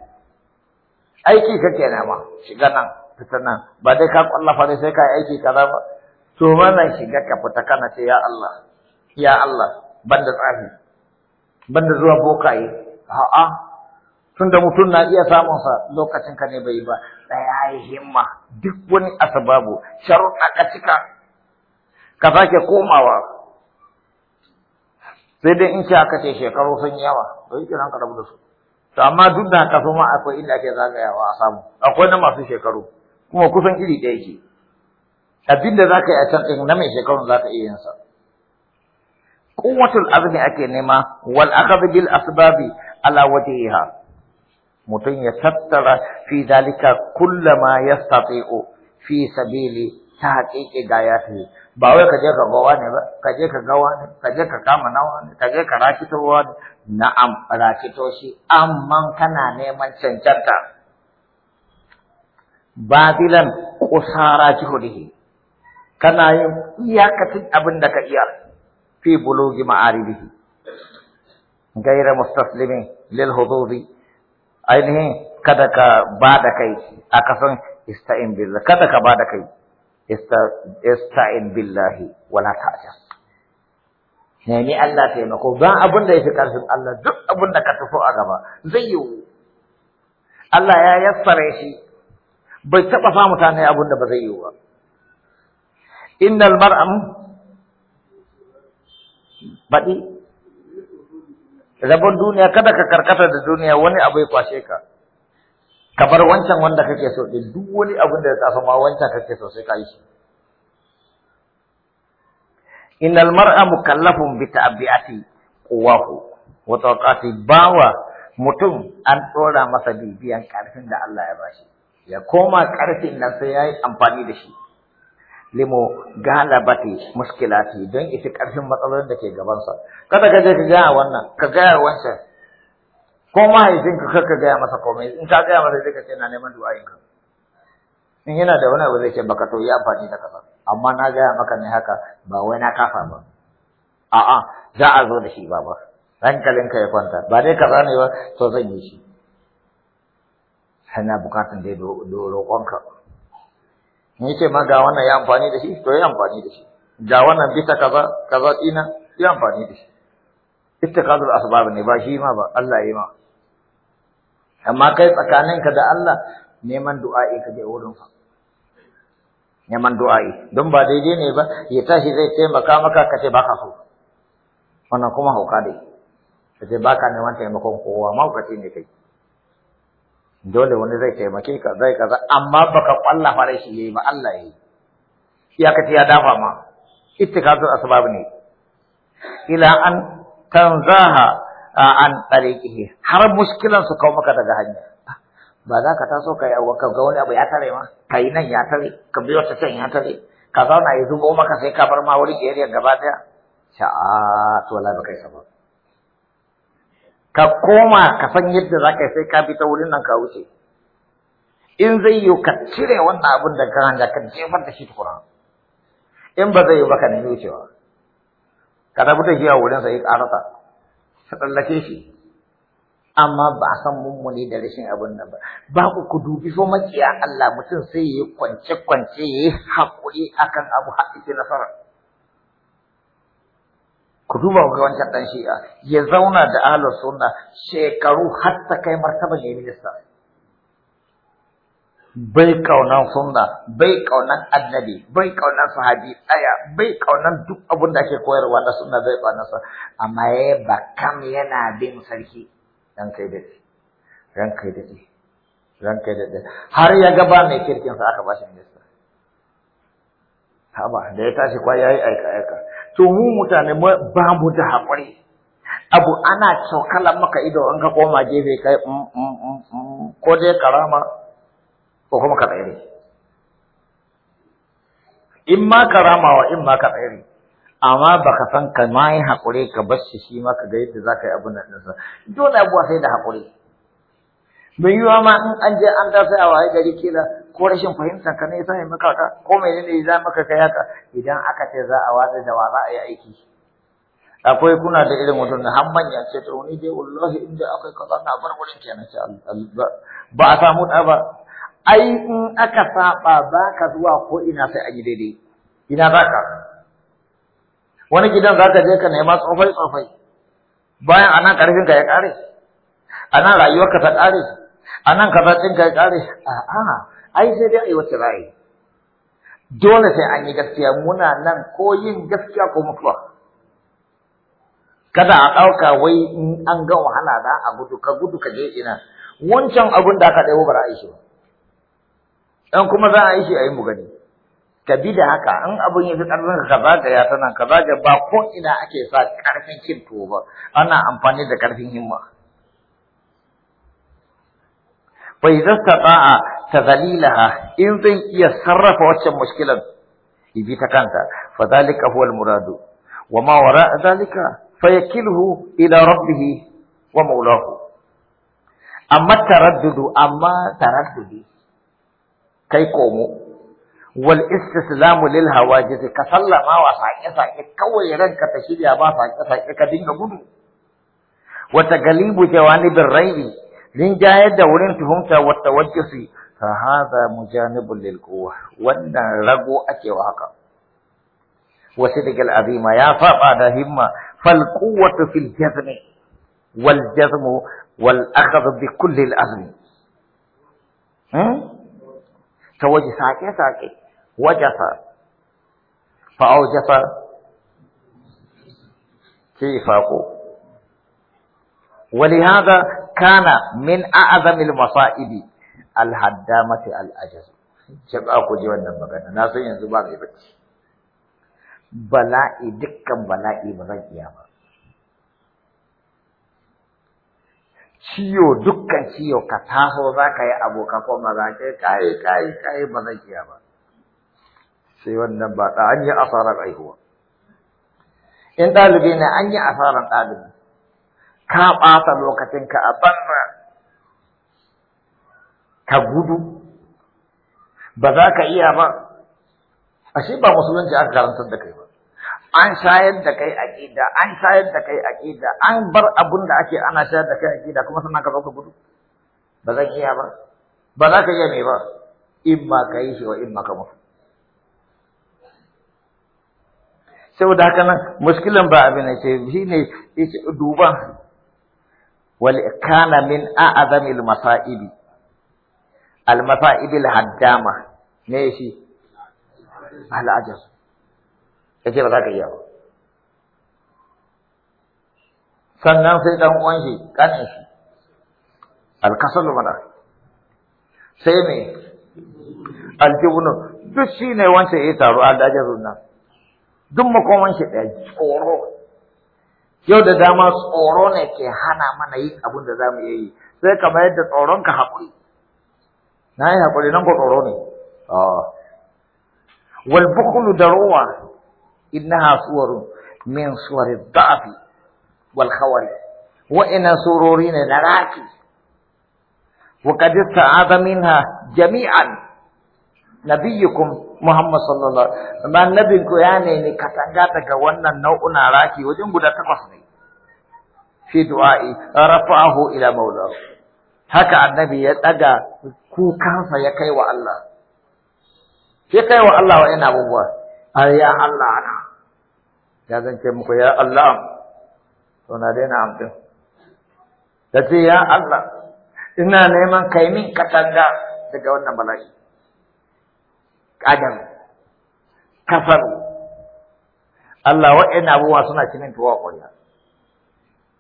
aiki kake nama shiga nan fita nan ba dai ka kwallafa dai sai ka aiki kaza ba to shiga ka fita kana ce ya Allah ya Allah banda tsari banda zuwa bokaye a'a tunda mutum na iya samun sa lokacin ka ne bai ba tsaya himma duk wani asbabu sharuɗa ka cika ka sake komawa sai dai in ka kace shekaru sun yawa to yake nan ka rabu da su to amma duk da haka ma akwai inda ake zagayawa a samu akwai na masu shekaru kuma kusan iri ɗaya ke abin da za ka yi a can ɗin na mai shekarun za ka iya yin sa quwwatul ake nema wal akhd bil asbabi ala wajhiha mutum ya tattara fi dalika kullama yastati'u fi sabili ta haƙiƙi ga ya fi ba wai ka je ka gawa ne ba ka ka gawa ne ka ka kama nawa ne ka ka rakitowa ne na'am rakito shi amma kana neman cancanta batilan kusara jihudihi kana yin iyakacin abin da ka iya fi bulugi ma'aribihi gaira mustaslimin lil hududi ainihin kada ka ba da kai a kasan ista'in billah kada ka ba da kai ista'in billahi wala ta'jas nemi Allah taimako ba abin da yafi karfin Allah duk abin da ka tafi a gaba zai yiwu Allah ya yassare shi bai taba fa mutane abin da ba zai yiwu ba innal mar'am badi rabon duniya kada ka karkata da duniya wani abu ya kwashe ka ka bar wancan wanda kake so din duk wani abu da ya tafi ma wancan kake so sai ka yi shi innal mar'a mukallafun bi ta'bi'ati quwwahu wa taqati bawa mutum an tsora masa bibiyan karfin da Allah ya bashi ya koma karfin nan sai yayi amfani da shi limo galabati muskilati don isi ƙarfin matsalolin da ke gabansa kada ka je ka gaya wannan ka gaya wancan ko mahaifinka kar ka gaya masa komai in ka gaya masa sai ka ce na neman du'a'inka in yana da wani abu zai ce baka to yi amfani da kaza amma na gaya maka ne haka ba wai na kafa ba a'a za a zo da shi baba hankalin ka ya kwanta ba dai ka zane ba to zan yi shi kana bukatan dai roƙonka ni ce ma ga wannan ya amfani da shi to ya amfani da shi ga wannan bisa kaza kaza ina ya amfani da shi ittikadul asbab ne ba shi ma ba Allah yayi ma amma kai ka da Allah neman du'a'i ka je wurin sa neman du'a'i don ba daidai ne ba ya tashi zai taimaka maka ka ce baka so wannan kuma hauka dai ka ce baka neman taimakon kowa ma ne kai dole wani zai taimake ka zai kaza amma baka kwalla fara shi yayi ba Allah yayi ya kace ya dafa ma ittikazul asbab ne ila an tanzaha an tariqihi har muskilan su kawo maka daga hanya ba za ka taso kai a ka ga wani abu ya tare ma kai nan ya tare ka biyo ta can ya tare ka zauna ya zubo maka sai ka bar ma wuri ke gaba daya sha'a to Allah baka yi sabon. ka koma ka san yadda za ka sai ka bi ta wurin nan ka wuce in zai yi ka cire wannan abin da ka hanga ka jefar da shi tukuna in ba zai yi ba ka nemi wucewa ka tafi da shi a wurin sai karasa ka tsallake shi amma ba a san mummuni da rashin abin nan ba ba ku ku dubi so makiya Allah mutum sai ya kwance kwance ya yi haƙuri akan abu haƙƙi nasara ku duba ga wancan dan shi'a ya zauna da ahlus sunna shekaru har ta kai martaban ya minista bai kaunan sunna bai kaunan annabi bai kaunan sahabi tsaya bai kaunan duk abin da ake koyarwa na sunna bai kaunan sa amma ya ba kam yana bin sarki dan kai da dan kai da dan kai da har ya ga ba mai kirkin sa aka bashi minista haba da ya tashi kwa yayi aika aika to mu mutane ba mu da haƙuri abu ana cokalan maka ido an ka koma gefe kai mm, mm, mm, ko dai karama ko kuma ka tsere in ma karamawa in ma ka tsere amma baka san ka ma yi haƙuri ka bar shi shi ma ka ga yadda za ka yi abin nan sa dole abuwa sai da haƙuri bai yiwa ma in an je an ta sai a waye gari kila ko rashin fahimtar ka ne sai maka ka ko menene za maka kai haka idan aka ce za a watsa da wa za a yi aiki akwai kuna da irin mutum da har manya ce to ni dai wallahi inda akwai kaza na bar wurin kenan ce ba a samu da ba ai in aka saba ba ka zuwa ko ina sai a yi daidai ina za ka wani gidan za ka je ka nema tsofai tsofai bayan anan karfin ka ya kare anan rayuwar ka ta kare anan kaza din ka ya kare a'a ai sai dai a yi wacce za dole sai an yi gaskiya muna nan ko yin gaskiya ko mutuwa kada a ɗauka wai in an ga wahala za a gudu ka gudu ka je ina wancan abun da aka ɗaya ba a yi shi ba ɗan kuma za a yi shi a yi mu gani ka bi da haka an abin ya fi ƙarfin ka ga ya nan ka ga ba ko ina ake sa ƙarfin kin tuwo ba ana amfani da ƙarfin himma bai zasta a. تذليلها إن زي يصرف وجه مشكلة يجي تكانتا فذلك هو المراد وما وراء ذلك فيكله إلى ربه ومولاه أما التردد أما تردد كي قوموا والاستسلام للهواجس كصلى ما وصعي صعي كوي رنك تشيل أبا سعي صعي كدين قدو وتقليب جوانب الريب لنجاية دورين تهمت والتوجس فهذا مجانب للقوة وأن رقو أكي واقع وصدق العظيمة يا فقد همة فالقوة في الجذم والجذم والأخذ بكل الأزم توجه ساكي ساكي وجف فأوجف أقول ولهذا كان من أعظم المصائب alhaddamati al'ajaz jaba ku ji wannan magana na san yanzu ba mai bacci bala'i dukkan bala'i ba zan iya ba ciyo dukkan ciyo ka taso za ka yi abu ka koma za kaye kaye kayi ba zan iya ba sai wannan ba ta an yi asarar aihuwa in ɗalibi ne an yi asarar ɗalibi ka ɓata lokacinka a banza ka gudu ba za ka iya ba A shi ba musulunci aka karantar da kai ba an shayar da kai aqida an shayar da kai aqida an bar abun da ake ana shayar da kai aqida kuma sannan ka zo ka gudu ba zan iya ba ba za ka iya me ba in ma ka yi shi wa in ma ka mutu da haka nan muskilan ba abin ce shi ne duban wal kana min a'azamil masa'ibi almasa'ibil haddama ne shi al'ajab yace ba za ka yi ba sannan sai dan uwan shi kanin shi alkasalu mana sai me aljibnu duk shi ne wancan ya taru al'ajabun nan duk makoman shi ɗaya tsoro yau da dama tsoro ne ke hana mana yin abin da za mu iya yi sai kamar yadda tsoron ka haƙuri na yi haƙuri nan ko tsoro ne wal bukhlu da rowa innaha suwarun min suwari da'afi wal khawari wa'ina surori ne na raki wa qad ista'adha minha jami'an nabiyyukum Muhammad sallallahu alaihi wasallam annabin ku ya ne ni katanga daga wannan nau'una raki wajen guda takwas ne fi du'a'i rafa'ahu ila maula haka annabi ya daga kukansa ya kai wa Allah ya kai wa Allah wa yana abubuwa a ya Allah ana ya zance muku ya Allah to na daina amfin ta ce ya Allah ina neman kaimin katanga daga wannan bala'i kadan kafar, Allah wa'ina abubuwa suna cinin tuwa ƙwarya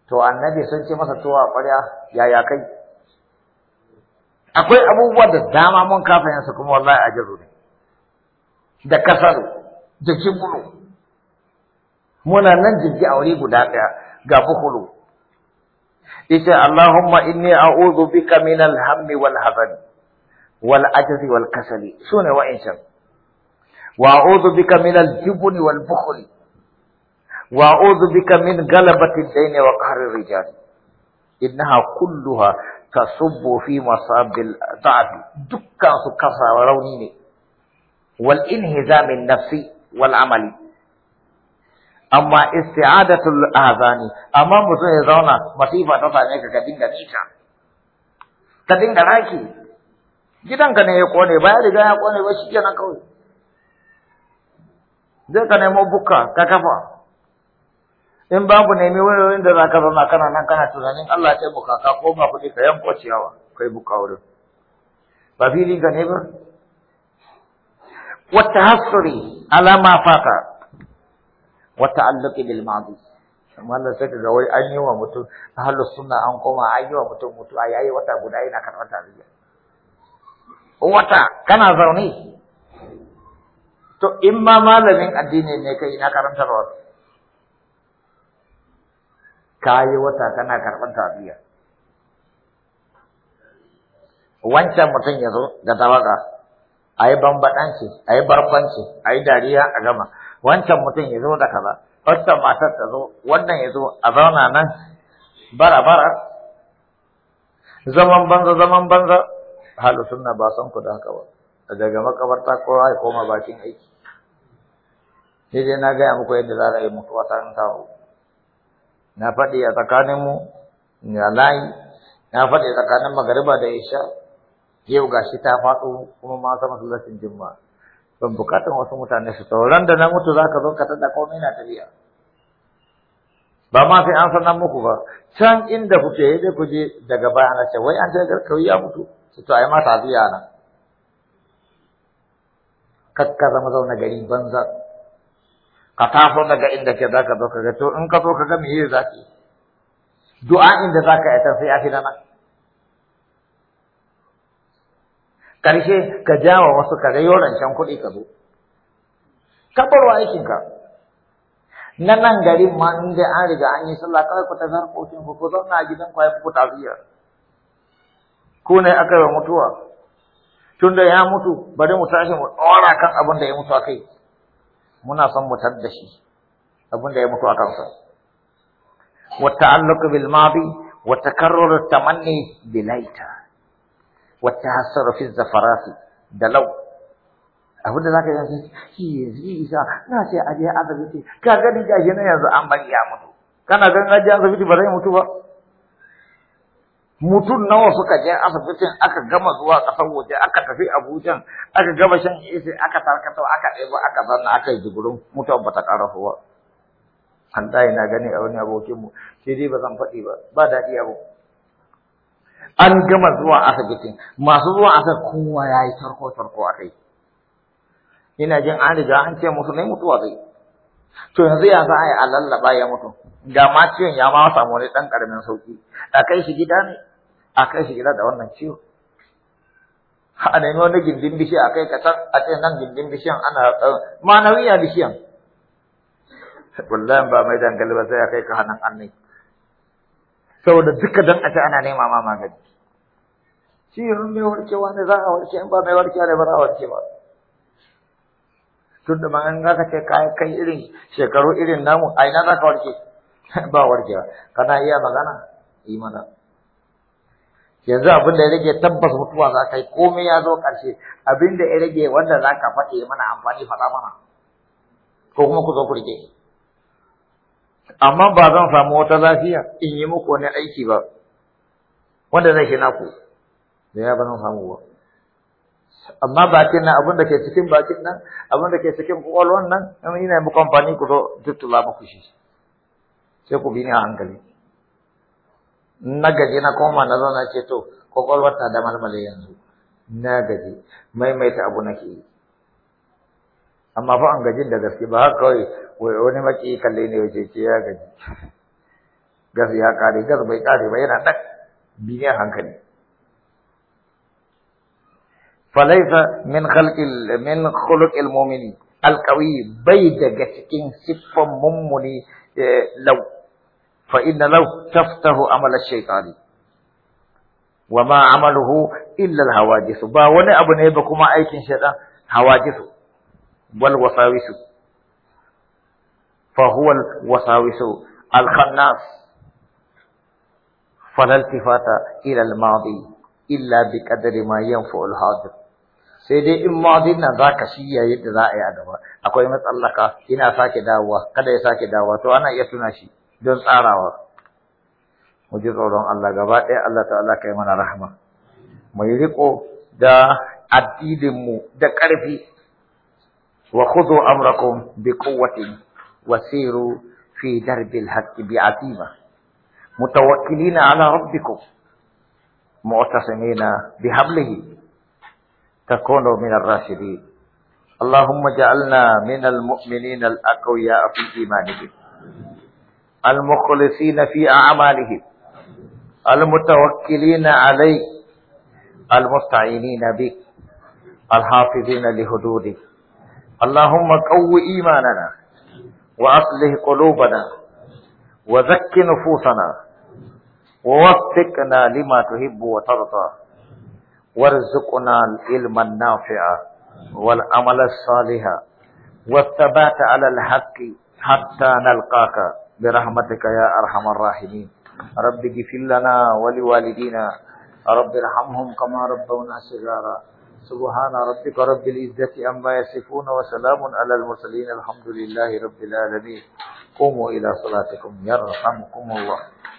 to annabi sun ce masa tuwa ƙwarya yaya kai akwai abubuwa da dama mun kafa yansa kuma wallahi ajiru ne da kasaru da kibulu muna nan jirgi a wuri guda daya ga bukulu ita Allahumma inni a'udhu bika min alhammi wal hazan wal ajzi wal kasali sune wa'insan wa a'udhu bika min al wal bukhli wa a'udhu bika min galabati ad-dayn wa qahri rijal innaha kulluha tasubbu fi masabil ta'ati dukkan su kasa rauni ne wal inhizamin nafsi wal amali amma isti'adatul azani amma mutum ya zauna masifa ta same ka ka dinga nika ka dinga raki gidanka ne ya kone ba ya riga ya kone ba shi kenan kawai zai ka nemo buka ka kafa in babu nemi wayoyin da zaka zama kana nan kana tunanin Allah ya taimaka ka koma kuɗi ka yanko ciyawa kai buka wurin ba fili ga ne ba wata ala alama faqa wata ta'alluqi bil madi mallan sai ka ga wai an yi wa mutum ahlus sunna an koma an yi wa mutum mutu a yayi wata guda yana karɓar tarbiyya wata kana zaune to in ma malamin addini ne kai ina karantarwa ka yi wata kana karɓar tafiya wancan mutum ya zo da tabaka a yi bambaɗanci a yi barkwanci a yi dariya a gama wancan mutum ya zo da kaza wancan matar ta zo wannan ya zo a zauna nan bara bara zaman banza zaman banza halu sunna ba san ku da haka ba daga makabarta kowa ya koma bakin aiki sai dai na gaya muku yadda za a yi mutuwa ta ta na faɗi a tsakaninmu na layi na faɗi a tsakanin magariba da isha yau ga shi ta faɗo kuma ma sama sallacin jimma ban bukatan wasu mutane su sauran da na mutu za ka zo ka tada komai na tafiya ba ma sai an sanar muku ba can inda kuke yi da kuje daga baya na ce wai an ce garkawi ya mutu su to ai ma tafiya nan kakka zama zauna gari banza ka taso daga inda ke za ka zo ka ga to in ka zo ka ga me yi za ki du'a inda za ka ita sai ya fi nan. Karshe ka jawa wasu ka ga can kuɗi ka zo ka barwa ka na nan garin ma in dai an riga an yi sallah kawai ku ta zarkokin ku ku zauna a gidan ku ku tafiya ku ne aka yi mutuwa tunda ya mutu bari mu tashi mu tsora kan abin da ya mutu a kai muna son mu tadda shi abin da ya mutu a kansa wa ta'alluq bil madi wa takarrur tamanni bilaita wa tahassur fi zafarati da law abin da zaka yi shi yanzu isa na ce aje azabiti ka gani gashi na yanzu an bari ya mutu kana ganin aje azabiti ba zai mutu ba mutum nawa suka je asibitin aka gama zuwa ƙasar waje aka tafi abuja aka gama shan isi aka tarkata aka ɗebo aka zanna aka yi jigurin ba bata ƙara fowa an tayi na gani a wani abokin mu sai dai ba zan faɗi ba ba daɗi abu an gama zuwa asibitin masu zuwa aka kowa ya yi tarko tarko a kai ina jin an riga an ce musu ne mutuwa zai to yanzu ya za a yi a lallaba ya mutu ga ma ciwon ya ma samu wani ɗan ƙaramin sauƙi a kai shi gida ne a kai shi gida da wannan ciwo a nemi wani gindin bishiya a kai ka can a ce nan gindin bishiyan ana ma nauyiya bishiyan wallahi ba mai dangali ba sai a kai ka hannun annai saboda duka dan a ce ana nema ma magani shi yin mai warkewa ne za a warke in ba mai warkewa ne ba za a warke ba tun da ma an ka ce kai irin shekaru irin namu a ina za ka warke ba warkewa kana iya magana imana yanzu abin da ya rage tabbas mutuwa za ka yi komai ya zo ƙarshe abin da ya rage wanda za ka faɗe mana amfani faɗa mana ko kuma ku zo ku rike amma ba zan samu wata lafiya in yi muku wani aiki ba wanda zai shi naku da ya ba zan samu ba amma bakin nan abin da ke cikin bakin nan abin da ke cikin kwakwalwan nan ina muku amfani ku zo tuttula muku shi sai ku bi ni a hankali na gaji na koma na zauna ce to kwakwalwar ta da malmale yanzu na gaji maimaita abu nake yi amma fa an gajin da gaske ba haka kawai wani maki kalle ne wace ce ya gaji gas ya kare gas bai kare ba yana ɗan a hankali falaisa min khalqil min khuluqil mu'mini alqawi bai daga cikin siffan mummuni eh, lau فإن لو تفتح عمل الشيطان وما عمله إلا الحوادث با وني أبو نيبا كما أيكين شيطان حوادث والوساوس فهو الوساوس الخناس فلا التفات إلى الماضي إلا بقدر ما ينفع الحاضر سيدي إن in madin شيء zaka أدوى أقول za a yi a gaba akwai matsalaka ina sake يتناشي don tsarawa mu ji tsoron Allah gaba ɗaya Allah ta'ala kai mana rahma mai riko da mu da ƙarfi wa khudhu amrakum bi quwwatin wasiru fi darbil haqq bi atima mutawakkilina ala rabbikum mu'tasimina bi hablihi takunu min ar-rashidin اللهم اجعلنا من المؤمنين الأقوياء في إيمانهم المخلصين في أعمالهم المتوكلين عليك المستعينين بك الحافظين لحدودك اللهم قو إيماننا وأصلح قلوبنا وزك نفوسنا ووفقنا لما تحب وترضى وارزقنا العلم النافع والعمل الصالح والثبات على الحق حتى نلقاك برحمتك يا أرحم الراحمين رب اغفر لنا ولوالدينا رب ارحمهم كما ربونا صغارا سبحان ربك رب العزة عما يصفون وسلام على المرسلين الحمد لله رب العالمين قوموا إلى صلاتكم يرحمكم الله